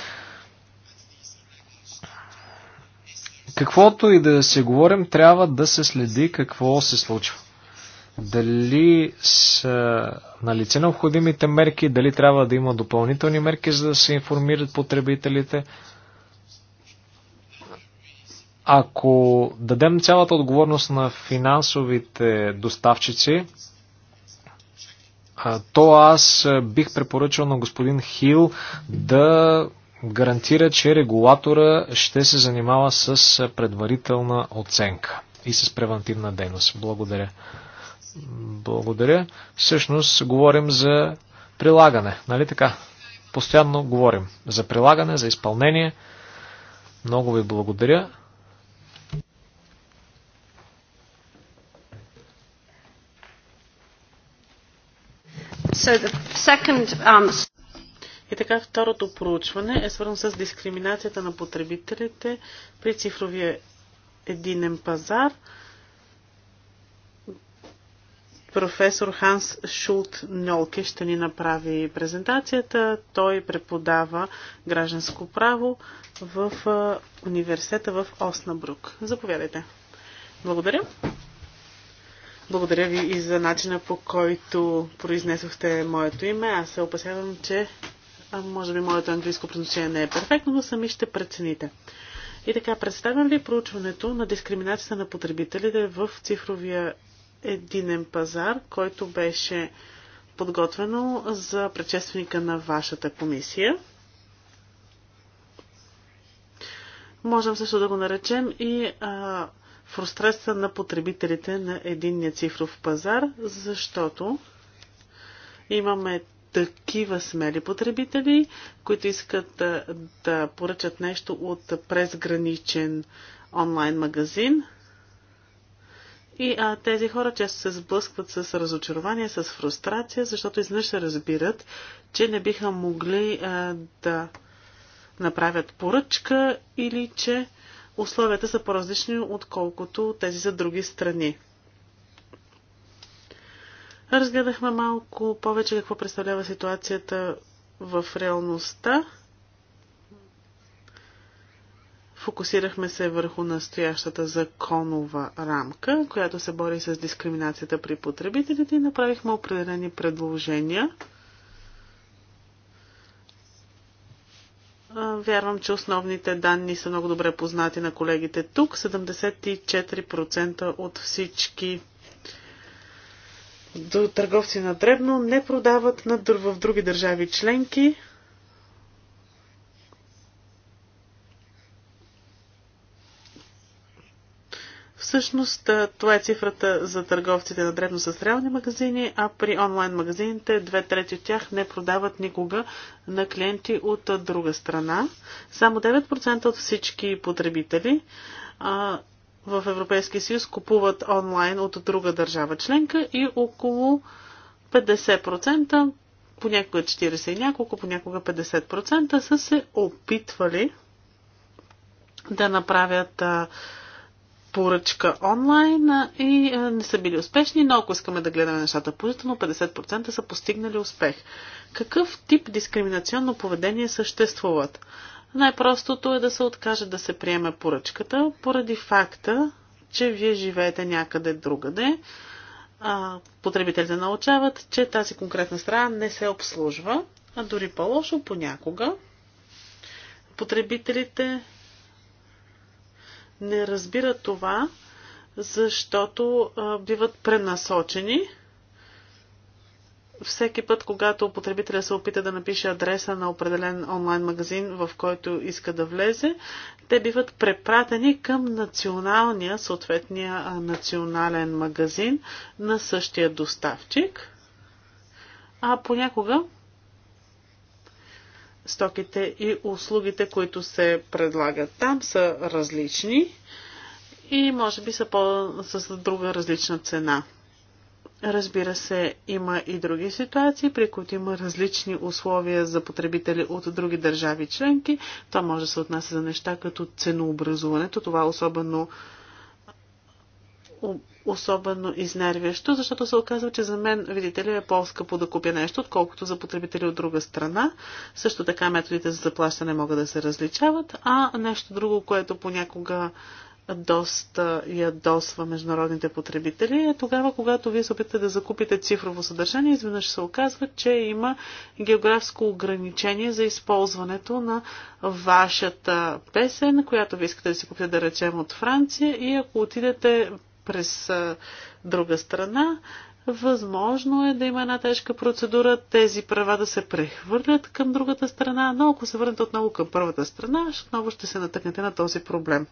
Каквото и да се говорим, трябва да се следи какво се случва. Дали са на лице необходимите мерки, дали трябва да има допълнителни мерки, за да се информират потребителите. Ако дадем цялата отговорност на финансовите доставчици, то аз бих препоръчал на господин Хил да гарантира, че регулатора ще се занимава с предварителна оценка и с превентивна дейност. Благодаря. Благодаря. Всъщност говорим за прилагане, нали така? Постоянно говорим за прилагане, за изпълнение. Много ви благодаря. So the second, um... И така второто проучване е свързано с дискриминацията на потребителите при цифровия единен пазар. Професор Ханс Шулт Нолке ще ни направи презентацията. Той преподава гражданско право в университета в Оснабрук. Заповядайте. Благодаря. Благодаря ви и за начина по който произнесохте моето име. Аз се опасявам, че а, може би моето английско произношение не е перфектно, но сами ще прецените. И така, представям ли проучването на дискриминацията на потребителите в цифровия единен пазар, който беше подготвено за предшественика на вашата комисия? Можем също да го наречем и а, фрустрация на потребителите на единния цифров пазар, защото имаме такива смели потребители, които искат да, да поръчат нещо от презграничен онлайн магазин. И а, тези хора често се сблъскват с разочарование, с фрустрация, защото изнъж се разбират, че не биха могли а, да направят поръчка или че условията са по-различни, отколкото тези за други страни. Разгледахме малко повече какво представлява ситуацията в реалността. Фокусирахме се върху настоящата законова рамка, която се бори с дискриминацията при потребителите и направихме определени предложения. Вярвам, че основните данни са много добре познати на колегите тук. 74% от всички до търговци на дребно не продават на, в други държави членки. Всъщност това е цифрата за търговците на дребно с реални магазини, а при онлайн магазините две трети от тях не продават никога на клиенти от друга страна. Само 9% от всички потребители а, в Европейския съюз купуват онлайн от друга държава членка и около 50%, понякога 40 и няколко, понякога 50% са се опитвали да направят а, поръчка онлайн а, и а, не са били успешни, но ако искаме да гледаме нещата позитивно, 50% са постигнали успех. Какъв тип дискриминационно поведение съществуват? Най-простото е да се откаже да се приеме поръчката, поради факта, че вие живеете някъде другаде. А, потребителите научават, че тази конкретна страна не се обслужва, а дори по-лошо понякога. Потребителите не разбират това, защото а, биват пренасочени всеки път, когато потребителя се опита да напише адреса на определен онлайн магазин, в който иска да влезе, те биват препратени към националния, съответния национален магазин на същия доставчик. А понякога стоките и услугите, които се предлагат там, са различни и може би са по- с друга различна цена. Разбира се, има и други ситуации, при които има различни условия за потребители от други държави членки. Това може да се отнася за неща като ценообразуването. Това е особено, особено изнервящо, защото се оказва, че за мен, видите ли, е по-скъпо да купя нещо, отколкото за потребители от друга страна. Също така методите за заплащане могат да се различават, а нещо друго, което понякога доста ядосва международните потребители, е тогава, когато вие се опитате да закупите цифрово съдържание, изведнъж се оказва, че има географско ограничение за използването на вашата песен, която ви искате да си купите, да речем, от Франция и ако отидете през друга страна, Възможно е да има една тежка процедура, тези права да се прехвърлят към другата страна, но ако се върнете отново към първата страна, отново ще се натъкнете на този проблем.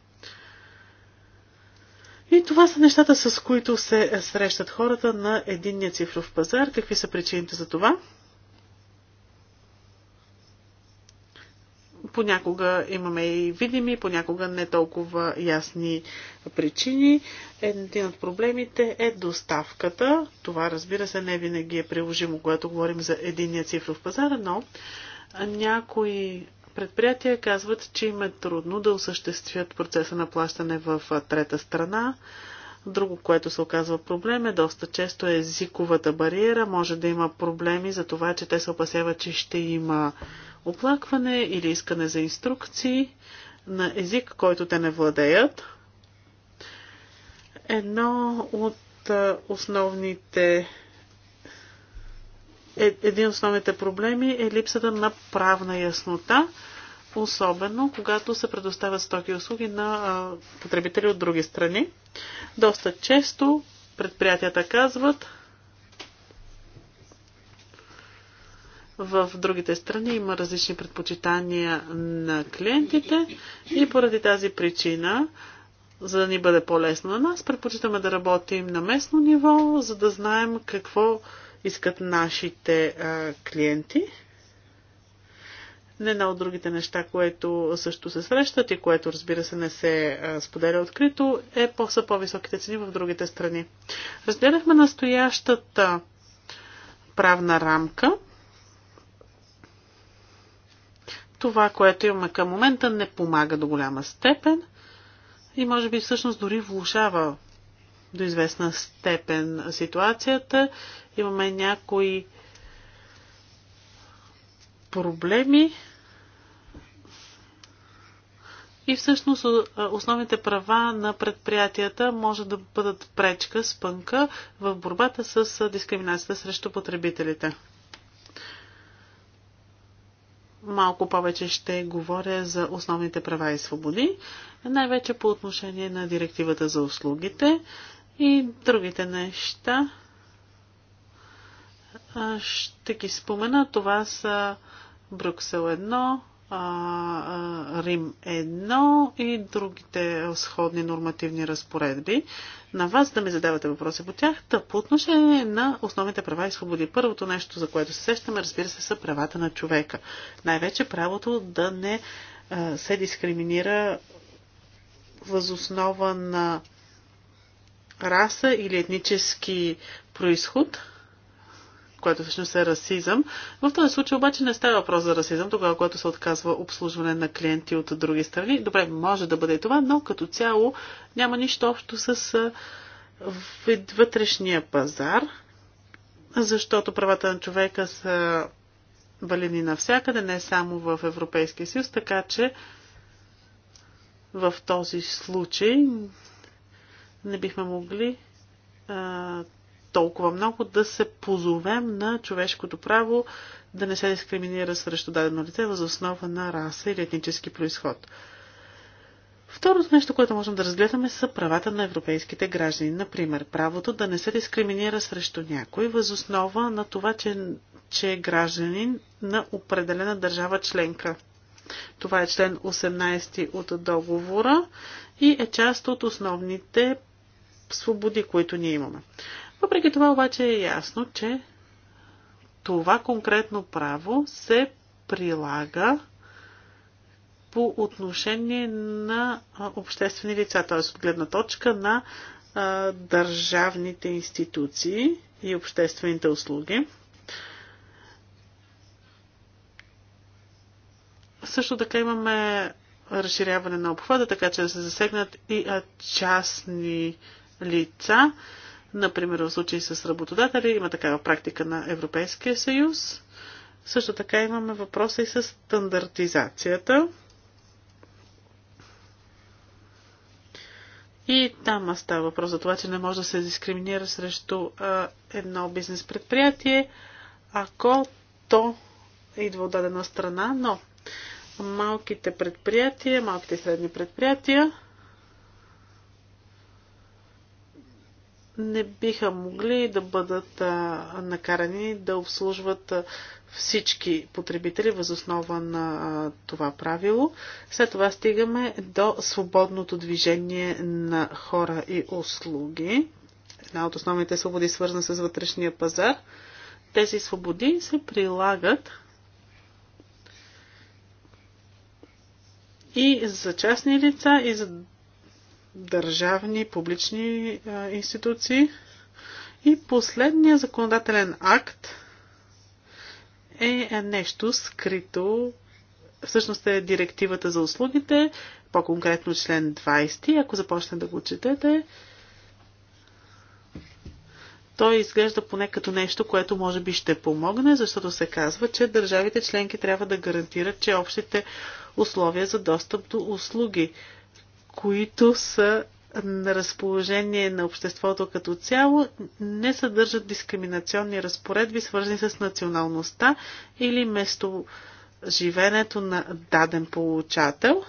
И това са нещата, с които се срещат хората на единния цифров пазар. Какви са причините за това? Понякога имаме и видими, понякога не толкова ясни причини. Един от проблемите е доставката. Това, разбира се, не винаги е приложимо, когато говорим за единния цифров пазар, но някои предприятия казват, че им е трудно да осъществят процеса на плащане в трета страна. Друго, което се оказва проблем е доста често е езиковата бариера. Може да има проблеми за това, че те се опасяват, че ще има оплакване или искане за инструкции на език, който те не владеят. Едно от основните е, един от основните проблеми е липсата на правна яснота, особено когато се предоставят стоки и услуги на потребители от други страни. Доста често предприятията казват, в другите страни има различни предпочитания на клиентите и поради тази причина, за да ни бъде по-лесно на нас, предпочитаме да работим на местно ниво, за да знаем какво искат нашите а, клиенти. Не една от другите неща, което също се срещат и което, разбира се, не се а, споделя открито, е по- са по-високите цени в другите страни. Разгледахме настоящата правна рамка. Това, което имаме към момента, не помага до голяма степен и може би всъщност дори влушава до известна степен ситуацията Имаме някои проблеми и всъщност основните права на предприятията може да бъдат пречка, спънка в борбата с дискриминацията срещу потребителите. Малко повече ще говоря за основните права и свободи, най-вече по отношение на директивата за услугите и другите неща, ще ги спомена. Това са Брюксел 1, Рим 1 и другите сходни нормативни разпоредби. На вас да ми задавате въпроси по тях. да по отношение на основните права и свободи. Първото нещо, за което се сещаме, разбира се, са правата на човека. Най-вече правото да не се дискриминира възоснова на раса или етнически происход – което всъщност е расизъм. В този случай обаче не става въпрос за расизъм, тогава, когато се отказва обслужване на клиенти от други страни. Добре, може да бъде и това, но като цяло няма нищо общо с вътрешния пазар, защото правата на човека са валидни навсякъде, не само в Европейския съюз, така че в този случай не бихме могли а, толкова много да се позовем на човешкото право да не се дискриминира срещу дадено лице въз основа на раса или етнически происход. Второто нещо, което можем да разгледаме, са правата на европейските граждани. Например, правото да не се дискриминира срещу някой въз основа на това, че, че е гражданин на определена държава членка. Това е член 18 от договора и е част от основните свободи, които ние имаме. Въпреки това обаче е ясно, че това конкретно право се прилага по отношение на обществени лица, т.е. от гледна точка на а, държавните институции и обществените услуги. Също така имаме разширяване на обхвата, така че да се засегнат и частни лица. Например, в случай с работодатели има такава практика на Европейския съюз. Също така имаме въпроса и с стандартизацията. И там става въпрос за това, че не може да се дискриминира срещу а, едно бизнес предприятие, ако то идва от дадена страна, но малките предприятия, малките и средни предприятия не биха могли да бъдат накарани да обслужват всички потребители възоснова на това правило. След това стигаме до свободното движение на хора и услуги. Една от основните свободи, свързана с вътрешния пазар. Тези свободи се прилагат и за частни лица, и за държавни публични институции. И последният законодателен акт е нещо скрито. Всъщност е директивата за услугите, по-конкретно член 20. Ако започне да го четете, той изглежда поне като нещо, което може би ще помогне, защото се казва, че държавите членки трябва да гарантират, че общите условия за достъп до услуги които са на разположение на обществото като цяло, не съдържат дискриминационни разпоредби, свързани с националността или живенето на даден получател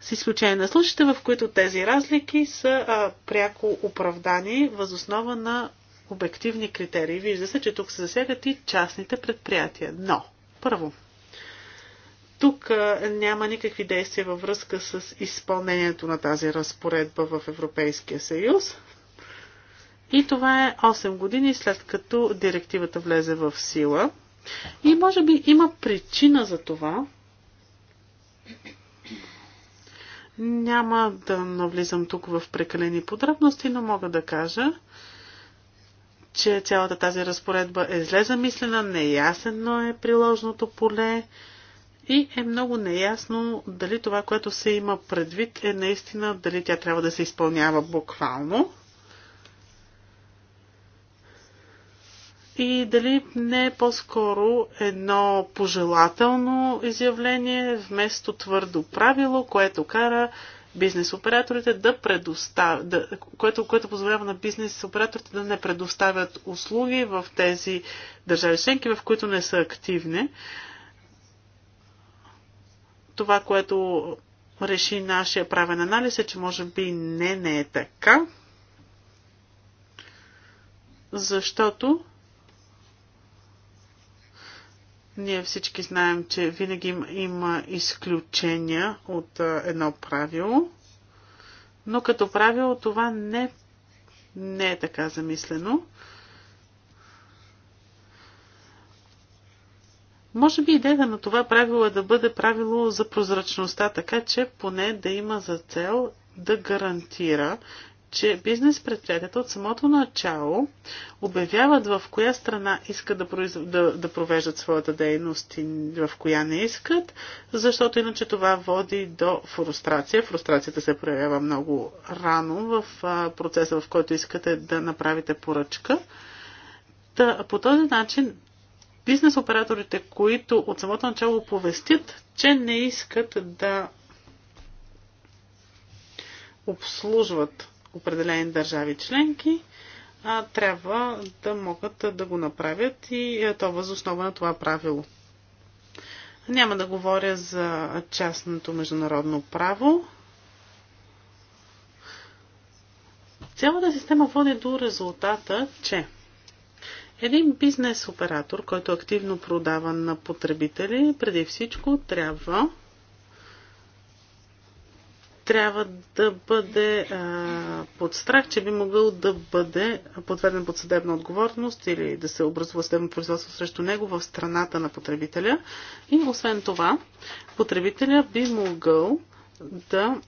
с изключение на случаите, в които тези разлики са а, пряко оправдани възоснова на обективни критерии. Вижда се, че тук се засягат и частните предприятия. Но, първо, тук няма никакви действия във връзка с изпълнението на тази разпоредба в Европейския съюз. И това е 8 години след като директивата влезе в сила. И може би има причина за това. Няма да навлизам тук в прекалени подробности, но мога да кажа, че цялата тази разпоредба е зле замислена, неясено е приложното поле, и е много неясно дали това, което се има предвид, е наистина дали тя трябва да се изпълнява буквално. И дали не е по-скоро едно пожелателно изявление вместо твърдо правило, което кара бизнес операторите да предоставят, да, което, което позволява на бизнес операторите да не предоставят услуги в тези държави членки, в които не са активни. Това, което реши нашия правен анализ е, че може би не, не е така. Защото ние всички знаем, че винаги има изключения от а, едно правило, но като правило това не, не е така замислено. Може би идеята на това правило е да бъде правило за прозрачността, така че поне да има за цел да гарантира, че бизнес предприятията от самото начало обявяват в коя страна искат да, произ... да, да провеждат своята дейност и в коя не искат, защото иначе това води до фрустрация. Фрустрацията се проявява много рано в процеса, в който искате да направите поръчка. Та, по този начин бизнес операторите, които от самото начало повестят, че не искат да обслужват определени държави членки, а, трябва да могат да го направят и е, то възоснова на това правило. Няма да говоря за частното международно право. Цялата система води до резултата, че един бизнес оператор, който активно продава на потребители, преди всичко трябва трябва да бъде а, под страх, че би могъл да бъде подведен под съдебна отговорност или да се образува съдебно производство срещу него в страната на потребителя. И освен това, потребителя би могъл да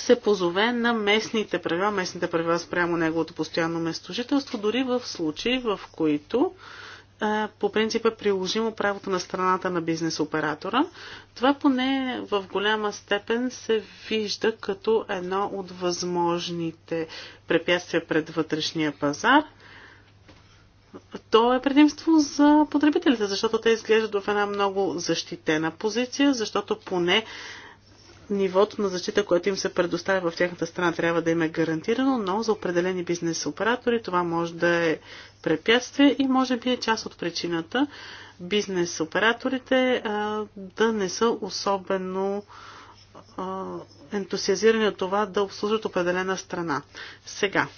се позове на местните правила, местните правила спрямо неговото постоянно местожителство, дори в случаи, в които по принцип е приложимо правото на страната на бизнес оператора. Това поне в голяма степен се вижда като едно от възможните препятствия пред вътрешния пазар. То е предимство за потребителите, защото те изглеждат в една много защитена позиция, защото поне нивото на защита, което им се предоставя в тяхната страна, трябва да им е гарантирано, но за определени бизнес оператори това може да е препятствие и може би е част от причината бизнес операторите а, да не са особено а, ентусиазирани от това да обслужват определена страна. Сега,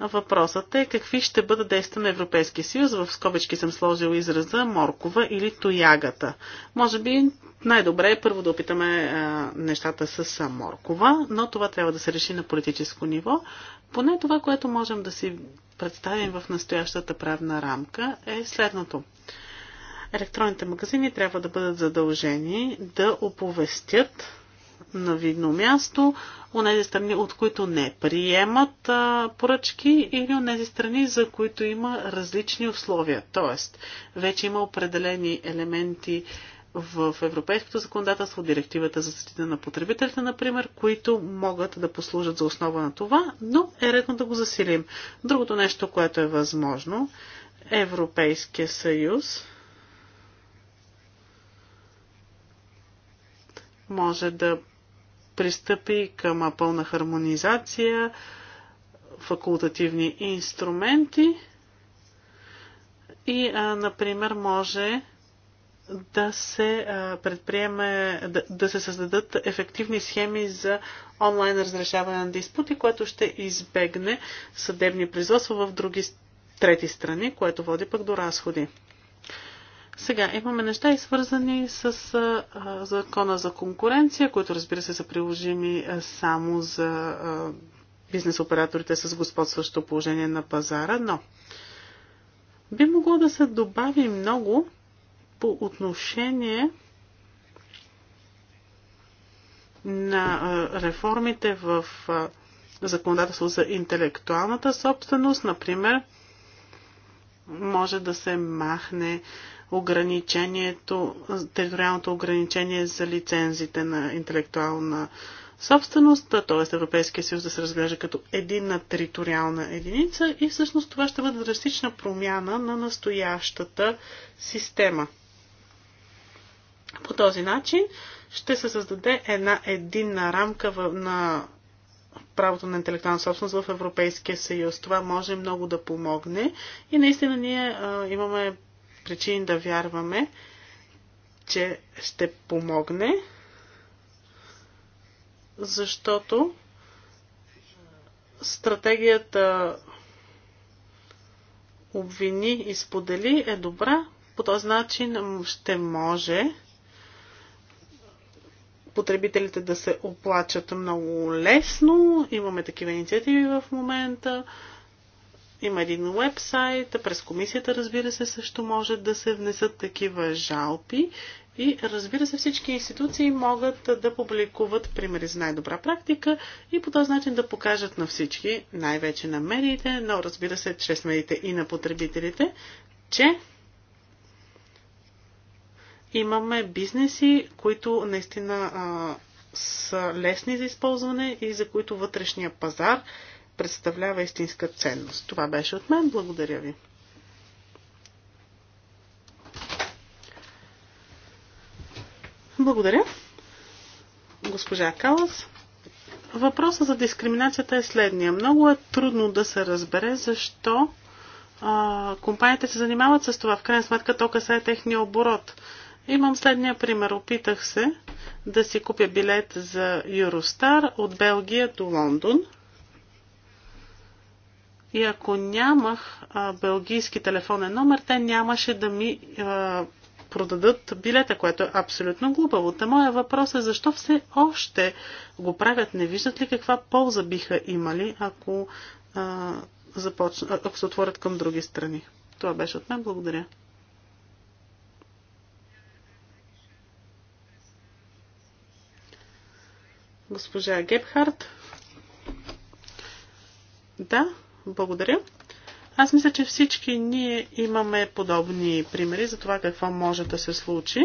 Въпросът е какви ще бъдат действа на Европейския съюз. В скобички съм сложил израза моркова или тоягата. Може би най-добре е първо да опитаме а, нещата с моркова, но това трябва да се реши на политическо ниво. Поне това, което можем да си представим в настоящата правна рамка е следното. Електронните магазини трябва да бъдат задължени да оповестят на видно място, онези страни, от които не приемат а, поръчки или онези страни, за които има различни условия. Тоест, вече има определени елементи в европейското законодателство, директивата за защита на потребителите, например, които могат да послужат за основа на това, но е редно да го засилим. Другото нещо, което е възможно, Европейския съюз може да пристъпи към пълна хармонизация, факултативни инструменти и, а, например, може да се предприеме, да, да се създадат ефективни схеми за онлайн разрешаване на диспути, което ще избегне съдебни производства в други трети страни, което води пък до разходи. Сега имаме неща и свързани с а, закона за конкуренция, които разбира се са приложими а, само за а, бизнес операторите с господстващо положение на пазара, но би могло да се добави много по отношение на а, реформите в а, законодателство за интелектуалната собственост, например, може да се махне ограничението, териториалното ограничение за лицензите на интелектуална собственост, т.е. Европейския съюз да се разглежда като единна териториална единица и всъщност това ще бъде драстична промяна на настоящата система. По този начин ще се създаде една единна рамка на правото на интелектуална собственост в Европейския съюз. Това може много да помогне и наистина ние а, имаме причини да вярваме, че ще помогне, защото стратегията обвини и сподели е добра. По този начин ще може потребителите да се оплачат много лесно. Имаме такива инициативи в момента. Има един вебсайт, през комисията разбира се също може да се внесат такива жалби и разбира се всички институции могат да публикуват примери за най-добра практика и по този начин да покажат на всички, най-вече на медиите, но разбира се чрез медиите и на потребителите, че имаме бизнеси, които наистина а, са лесни за използване и за които вътрешния пазар представлява истинска ценност. Това беше от мен. Благодаря ви. Благодаря. Госпожа Калас. Въпросът за дискриминацията е следния. Много е трудно да се разбере защо а, компаниите се занимават с това. В крайна сметка то касае техния оборот. Имам следния пример. Опитах се да си купя билет за Юростар от Белгия до Лондон – и ако нямах а, белгийски телефонен номер, те нямаше да ми а, продадат билета, което е абсолютно глупаво. Та моя въпрос е защо все още го правят, не виждат ли каква полза биха имали, ако, а, започ... ако се отворят към други страни. Това беше от мен. Благодаря. Госпожа Гебхарт. Да, благодаря. Аз мисля, че всички ние имаме подобни примери за това какво може да се случи.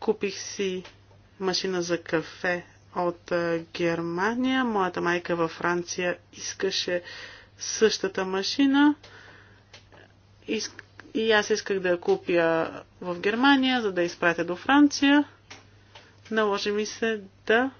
Купих си машина за кафе от Германия. Моята майка във Франция искаше същата машина. И аз исках да я купя в Германия, за да изпратя до Франция. Наложи ми се да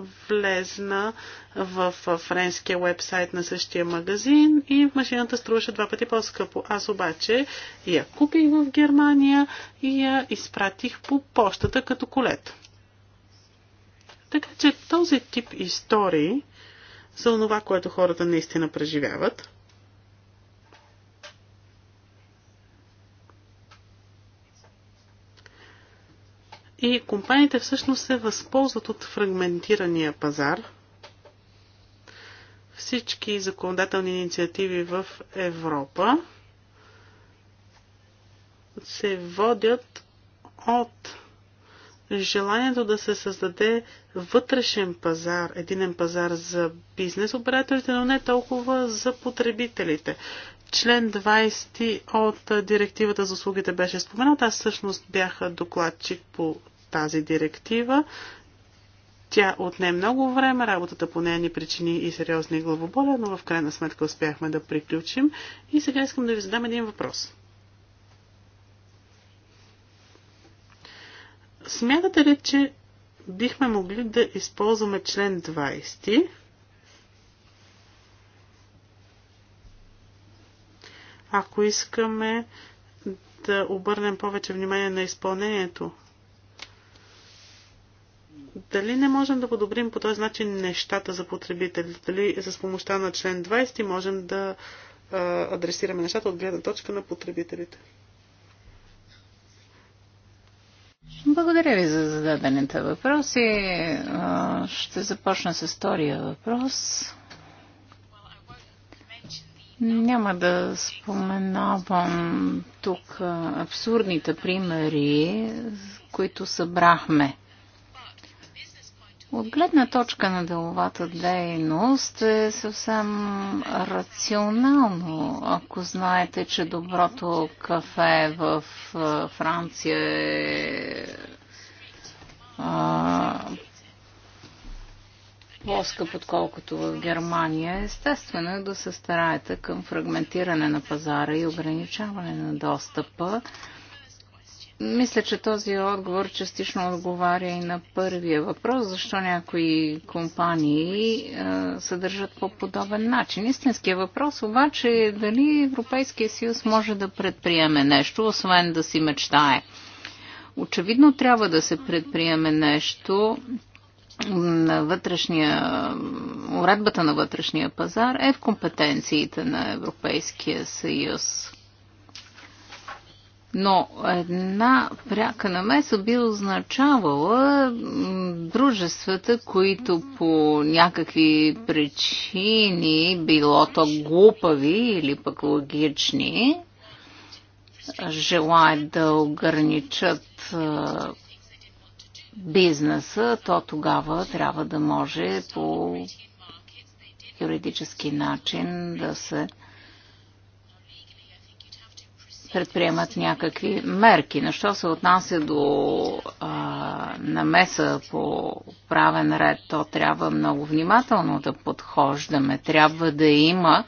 влезна в френския вебсайт на същия магазин и машината струваше два пъти по-скъпо. Аз обаче я купих в Германия и я изпратих по почтата като колет. Така че този тип истории за това, което хората наистина преживяват, И компаниите всъщност се възползват от фрагментирания пазар. Всички законодателни инициативи в Европа се водят от желанието да се създаде вътрешен пазар, единен пазар за бизнес операторите, но не толкова за потребителите. Член 20 от директивата за услугите беше споменат. Аз всъщност бях докладчик по тази директива. Тя отне много време, работата по нея ни причини и сериозни главоболя, но в крайна сметка успяхме да приключим. И сега искам да ви задам един въпрос. Смятате ли, че бихме могли да използваме член 20 ако искаме да обърнем повече внимание на изпълнението. Дали не можем да подобрим по този начин нещата за потребителите? Дали с помощта на член 20 можем да адресираме нещата от гледна точка на потребителите? Благодаря ви за зададените въпроси. Ще започна с втория въпрос. Няма да споменавам тук абсурдните примери, които събрахме. От гледна точка на деловата дейност е съвсем рационално, ако знаете, че доброто кафе в Франция е по-скъп, отколкото в Германия. Естествено е да се стараете към фрагментиране на пазара и ограничаване на достъпа. Мисля, че този отговор частично отговаря и на първия въпрос, защо някои компании съдържат е, се държат по подобен начин. Истинския въпрос обаче е дали Европейския съюз може да предприеме нещо, освен да си мечтае. Очевидно трябва да се предприеме нещо, на вътрешния, уредбата на вътрешния пазар е в компетенциите на Европейския съюз. Но една пряка намеса би означавала дружествата, които по някакви причини, било то глупави или пък логични, желаят да ограничат бизнеса, то тогава трябва да може по юридически начин да се предприемат някакви мерки. На що се отнася до а, намеса по правен ред, то трябва много внимателно да подхождаме. Трябва да има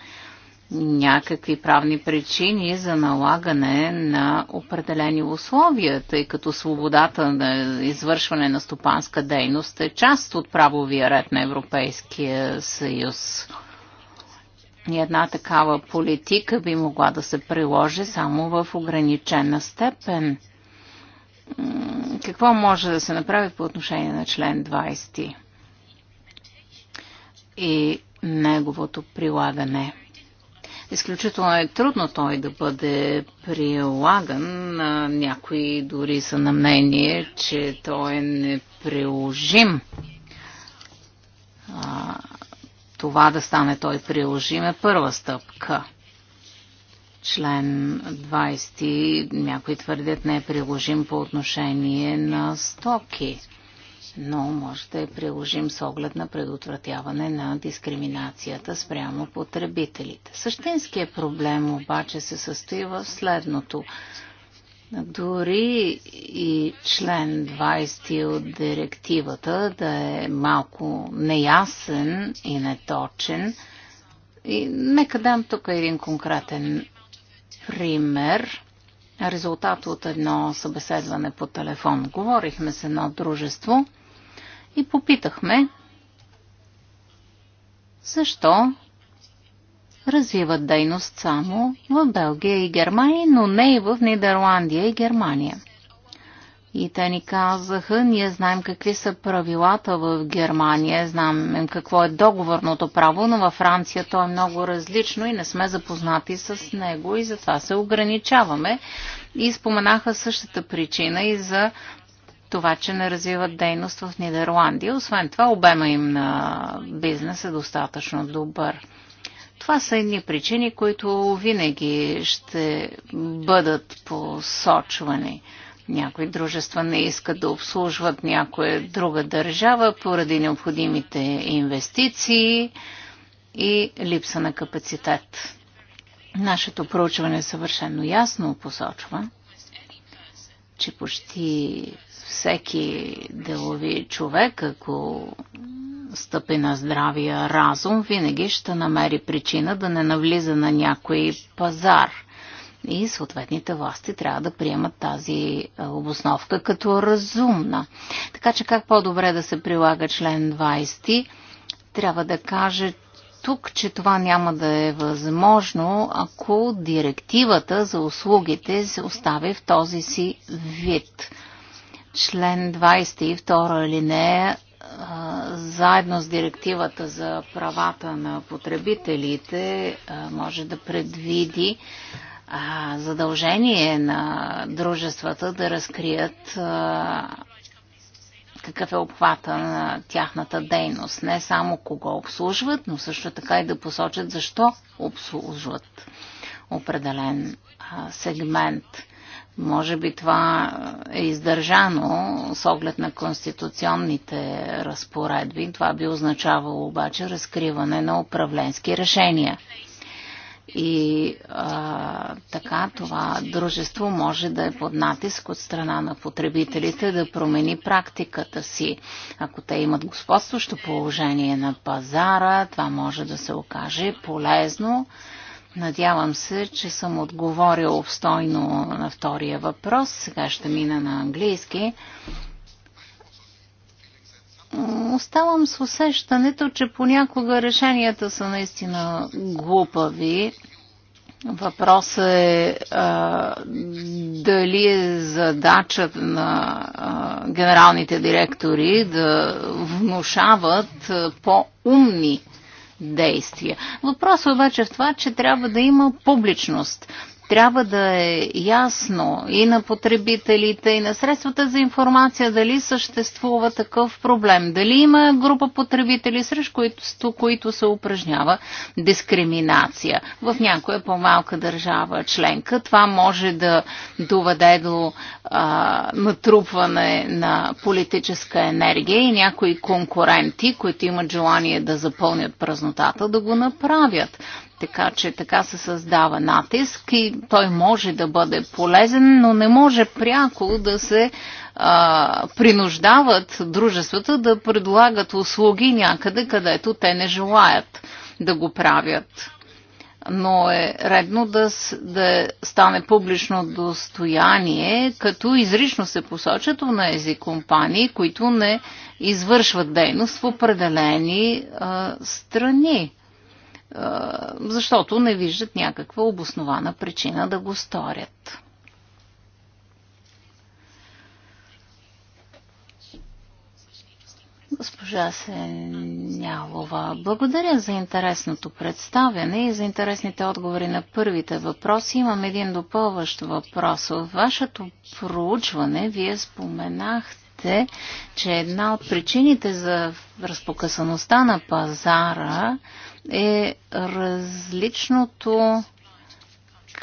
някакви правни причини за налагане на определени условия, тъй като свободата на извършване на стопанска дейност е част от правовия ред на Европейския съюз. И една такава политика би могла да се приложи само в ограничена степен. Какво може да се направи по отношение на член 20 и неговото прилагане? Изключително е трудно той да бъде прилаган. Някои дори са на мнение, че той е неприложим. Това да стане той приложим е първа стъпка член 20, някои твърдят, не е приложим по отношение на стоки но може да я приложим с оглед на предотвратяване на дискриминацията спрямо потребителите. Същинският проблем обаче се състои в следното. Дори и член 20 от директивата да е малко неясен и неточен, и нека дам тук един конкретен пример. Резултат от едно събеседване по телефон. Говорихме с едно дружество – и попитахме защо развиват дейност само в Белгия и Германия, но не и в Нидерландия и Германия. И те ни казаха, ние знаем какви са правилата в Германия, знаем какво е договорното право, но във Франция то е много различно и не сме запознати с него и затова се ограничаваме. И споменаха същата причина и за това, че не развиват дейност в Нидерландия. Освен това, обема им на бизнес е достатъчно добър. Това са едни причини, които винаги ще бъдат посочвани. Някои дружества не искат да обслужват някоя друга държава поради необходимите инвестиции и липса на капацитет. Нашето проучване съвършено ясно посочва, че почти всеки делови човек, ако стъпи на здравия разум, винаги ще намери причина да не навлиза на някой пазар. И съответните власти трябва да приемат тази обосновка като разумна. Така че как по-добре да се прилага член 20, трябва да каже, тук, че това няма да е възможно, ако директивата за услугите се остави в този си вид член 22 или не, заедно с директивата за правата на потребителите може да предвиди задължение на дружествата да разкрият какъв е обхвата на тяхната дейност. Не само кого обслужват, но също така и да посочат защо обслужват определен сегмент. Може би това е издържано с оглед на конституционните разпоредби. Това би означавало обаче разкриване на управленски решения. И а, така това дружество може да е под натиск от страна на потребителите да промени практиката си. Ако те имат господстващо положение на пазара, това може да се окаже полезно. Надявам се, че съм отговорил обстойно на втория въпрос. Сега ще мина на английски. Оставам с усещането, че понякога решенията са наистина глупави. Въпросът е а, дали е задача на а, генералните директори да внушават по-умни действия. Въпросът обаче е в това, че трябва да има публичност трябва да е ясно и на потребителите, и на средствата за информация дали съществува такъв проблем, дали има група потребители, срещу които, които се упражнява дискриминация. В някоя по-малка държава членка това може да доведе до а, натрупване на политическа енергия и някои конкуренти, които имат желание да запълнят празнотата, да го направят. Така че така се създава натиск и той може да бъде полезен, но не може пряко да се а, принуждават дружествата да предлагат услуги някъде, където те не желаят да го правят. Но е редно да, да стане публично достояние, като изрично се посочат на ези компании, които не извършват дейност в определени а, страни защото не виждат някаква обоснована причина да го сторят. Госпожа Сенялова, благодаря за интересното представяне и за интересните отговори на първите въпроси. Имам един допълващ въпрос. В вашето проучване вие споменахте, че една от причините за разпокъсаността на пазара е различното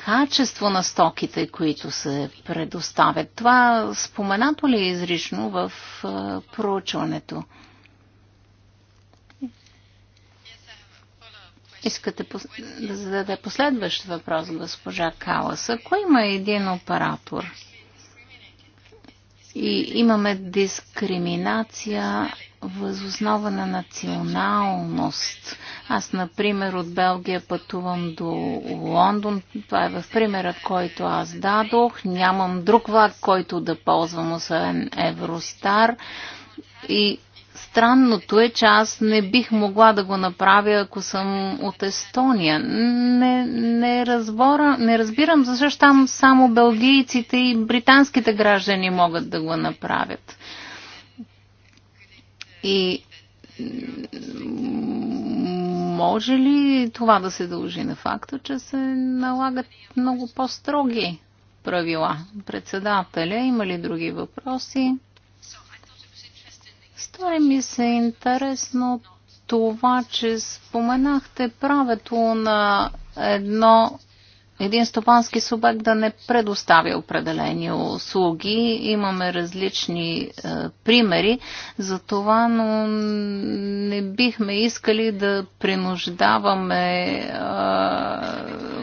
качество на стоките, които се предоставят. Това споменато ли е изрично в проучването? Искате да зададе последващ въпрос, госпожа Калас. Ако има един оператор и имаме дискриминация възоснова на националност. Аз, например, от Белгия пътувам до Лондон. Това е в примера, който аз дадох. Нямам друг влак, който да ползвам, освен Евростар. И странното е, че аз не бих могла да го направя, ако съм от Естония. Не, не, разбора, не разбирам защо там само белгийците и британските граждани могат да го направят. И може ли това да се дължи на факта, че се налагат много по-строги правила? Председателя, има ли други въпроси? Стори ми се интересно това, че споменахте правето на едно един стопански субект да не предоставя определени услуги. Имаме различни е, примери за това, но не бихме искали да принуждаваме е,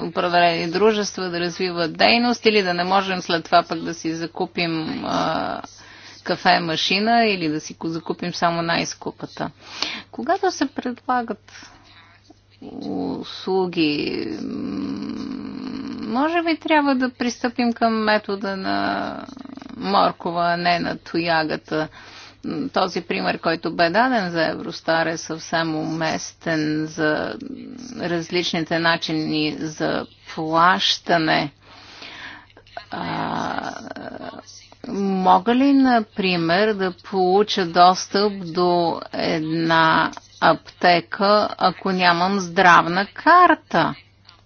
определени дружества да развиват дейност или да не можем след това пък да си закупим. Е, кафе машина или да си закупим само най-скупата. Когато се предлагат услуги, може би трябва да пристъпим към метода на Моркова, а не на Тоягата. Този пример, който бе даден за Евростар е съвсем уместен за различните начини за плащане. А, мога ли, например, да получа достъп до една аптека, ако нямам здравна карта?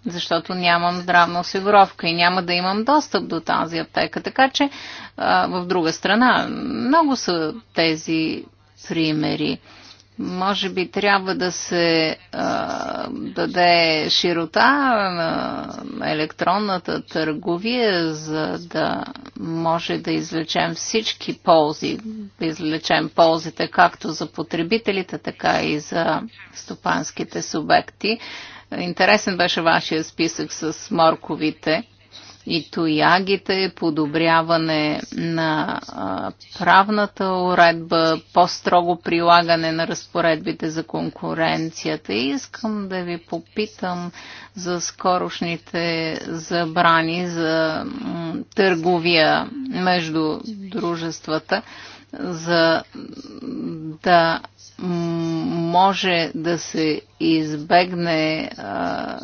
защото нямам здравна осигуровка и няма да имам достъп до тази аптека. Така че а, в друга страна много са тези примери. Може би трябва да се а, даде широта на електронната търговия, за да може да излечем всички ползи, да излечем ползите както за потребителите, така и за стопанските субекти Интересен беше вашия списък с морковите и тоягите, подобряване на правната уредба, по-строго прилагане на разпоредбите за конкуренцията. И искам да ви попитам за скорошните забрани за търговия между дружествата, за да може да се избегне а,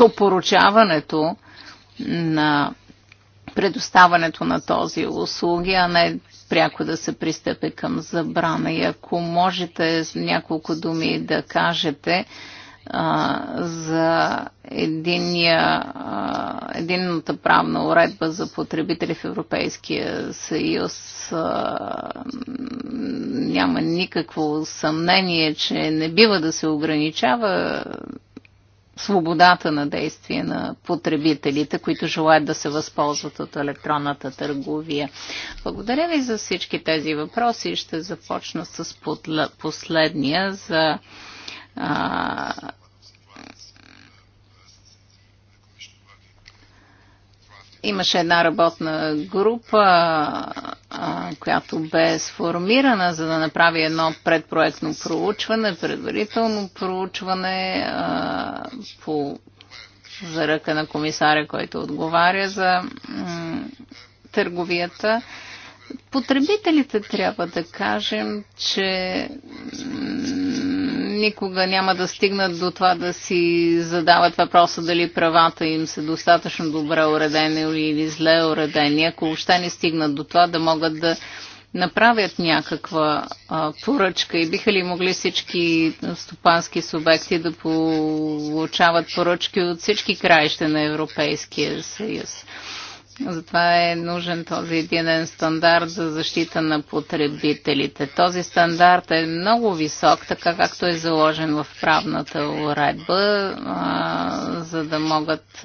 опоручаването на предоставането на този услуги, а не пряко да се пристъпи към забрана. И ако можете няколко думи да кажете, за единия, единната правна уредба за потребители в Европейския съюз. няма никакво съмнение, че не бива да се ограничава свободата на действие на потребителите, които желаят да се възползват от електронната търговия. Благодаря ви за всички тези въпроси. Ще започна с последния за Имаше една работна група, която бе сформирана, за да направи едно предпроектно проучване, предварително проучване по, заръка на комисаря, който отговаря за търговията. Потребителите трябва да кажем, че никога няма да стигнат до това да си задават въпроса дали правата им са достатъчно добре уредени или зле уредени, ако въобще не стигнат до това да могат да направят някаква а, поръчка и биха ли могли всички стопански субекти да получават поръчки от всички краища на Европейския съюз? Затова е нужен този единен стандарт за защита на потребителите. Този стандарт е много висок, така както е заложен в правната уредба, за да могат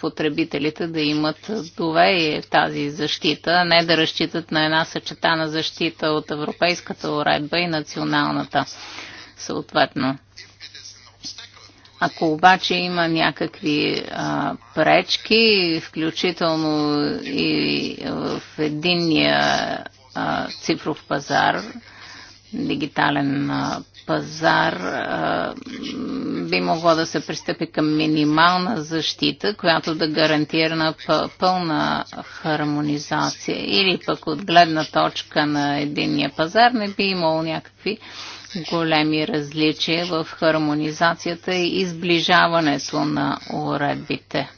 потребителите да имат доверие в тази защита, а не да разчитат на една съчетана защита от европейската уредба и националната съответно. Ако обаче има някакви а, пречки, включително и в единния а, цифров пазар, дигитален а, пазар, а, би могло да се пристъпи към минимална защита, която да гарантира на пълна хармонизация. Или пък от гледна точка на единния пазар не би имало някакви а, големи различия в хармонизацията и изближаването на уредбите.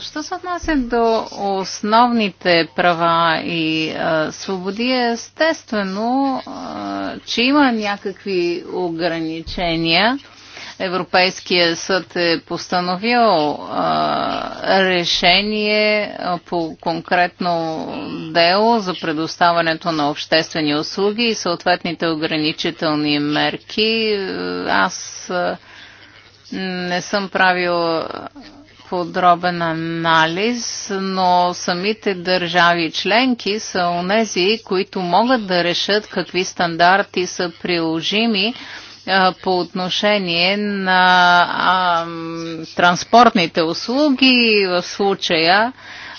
Що се отнася до основните права и а, свободи, е естествено, а, че има някакви ограничения Европейския съд е постановил а, решение по конкретно дело за предоставянето на обществени услуги и съответните ограничителни мерки. Аз а, не съм правил подробен анализ, но самите държави членки са онези, които могат да решат какви стандарти са приложими по отношение на а, транспортните услуги в случая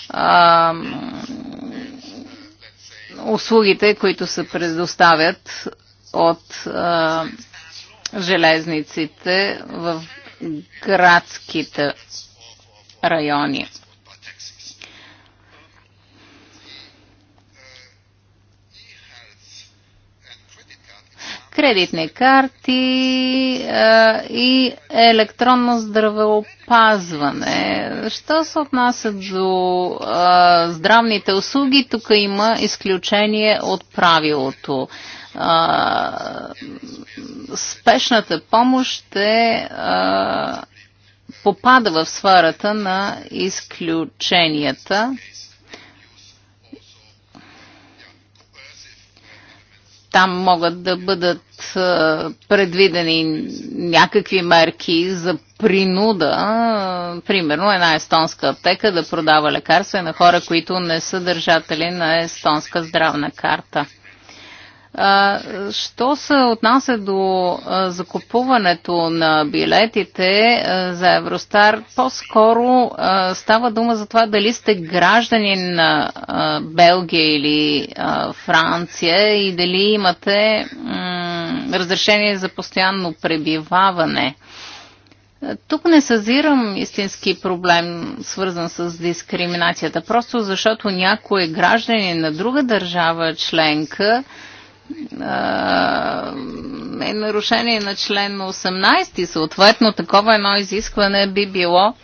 а, услугите, които се предоставят от а, железниците в градските райони. кредитни карти а, е, и електронно здравеопазване. Що се отнася до а, е, здравните услуги, тук има изключение от правилото. А, е, спешната помощ е попада в сферата на изключенията там могат да бъдат предвидени някакви мерки за принуда, примерно една естонска аптека да продава лекарства на хора, които не са държатели на естонска здравна карта. Що се отнася до закупуването на билетите за Евростар, по-скоро става дума за това дали сте гражданин на Белгия или Франция и дали имате разрешение за постоянно пребиваване. Тук не съзирам истински проблем, свързан с дискриминацията, просто защото някой е граждани на друга държава членка е нарушение на член 18. Съответно, такова едно изискване би било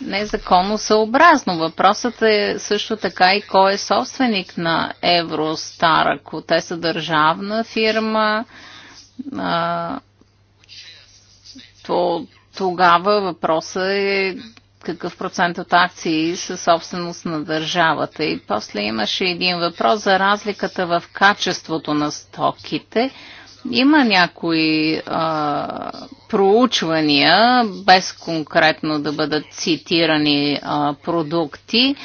незаконно съобразно. Въпросът е също така и кой е собственик на Евростар, ако те са държавна фирма. А, то тогава въпросът е какъв процент от акции са собственост на държавата. И после имаше един въпрос за разликата в качеството на стоките. Има някои а, проучвания, без конкретно да бъдат цитирани а, продукти,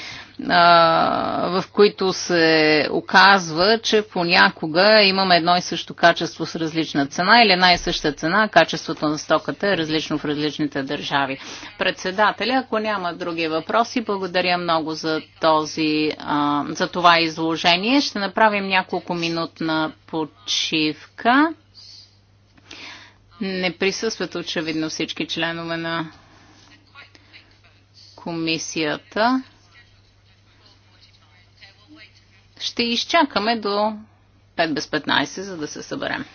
в които се оказва, че понякога имаме едно и също качество с различна цена или една и съща цена, качеството на стоката е различно в различните държави. Председателя, ако няма други въпроси, благодаря много за, този, за това изложение. Ще направим няколко минутна почивка. Не присъстват очевидно всички членове на комисията. Ще изчакаме до 5 без 15, за да се съберем.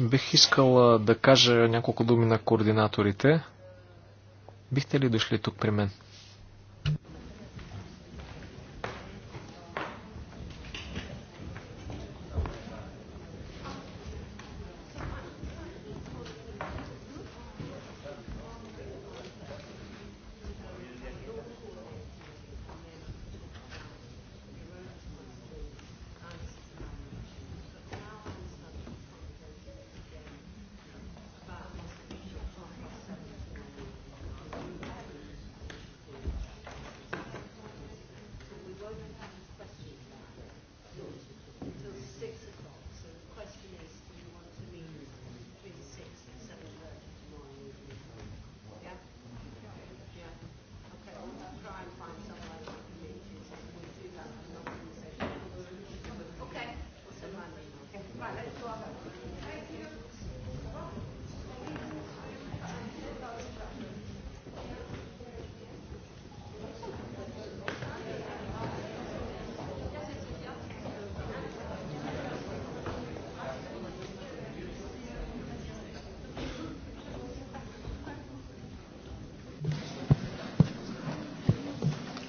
Бих искал да кажа няколко думи на координаторите. Бихте ли дошли тук при мен?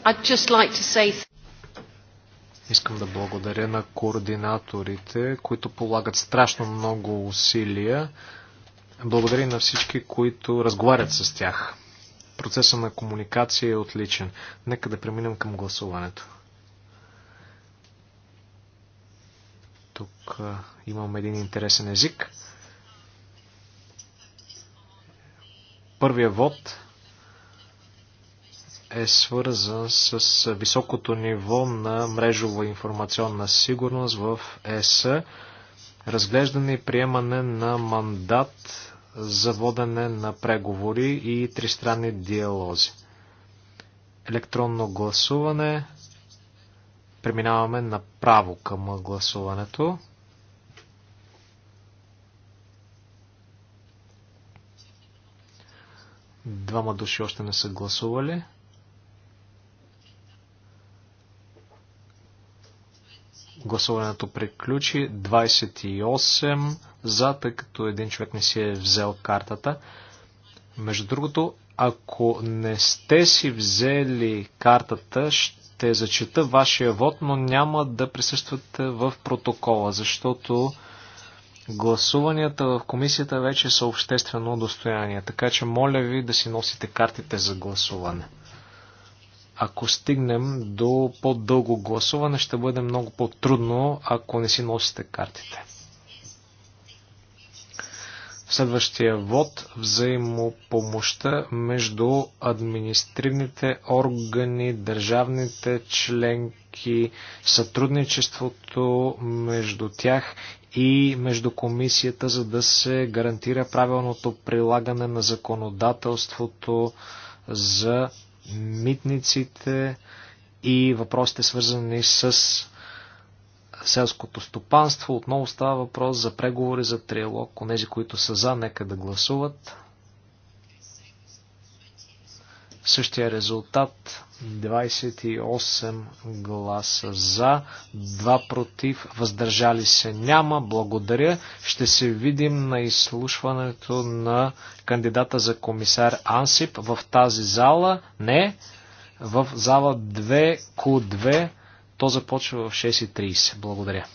I'd just like to say... Искам да благодаря на координаторите, които полагат страшно много усилия. Благодаря на всички, които разговарят с тях. Процеса на комуникация е отличен. Нека да преминем към гласуването. Тук имам един интересен език. Първия вод е свързан с високото ниво на мрежова информационна сигурност в ЕС, разглеждане и приемане на мандат за водене на преговори и тристранни диалози. Електронно гласуване. Преминаваме направо към гласуването. Двама души още не са гласували. Гласуването приключи 28 за, тъй като един човек не си е взел картата. Между другото, ако не сте си взели картата, ще зачита вашия вод, но няма да присъствате в протокола, защото гласуванията в комисията вече са обществено достояние. Така че моля ви да си носите картите за гласуване. Ако стигнем до по-дълго гласуване, ще бъде много по-трудно, ако не си носите картите. Следващия вод взаимопомощта между административните органи, държавните членки, сътрудничеството между тях и между комисията, за да се гарантира правилното прилагане на законодателството за митниците и въпросите свързани с селското стопанство. Отново става въпрос за преговори за триалог. Онези, които са за, нека да гласуват. Същия резултат 28 гласа за, 2 против, въздържали се няма. Благодаря. Ще се видим на изслушването на кандидата за комисар Ансип в тази зала. Не, в зала 2Q2. То започва в 6.30. Благодаря.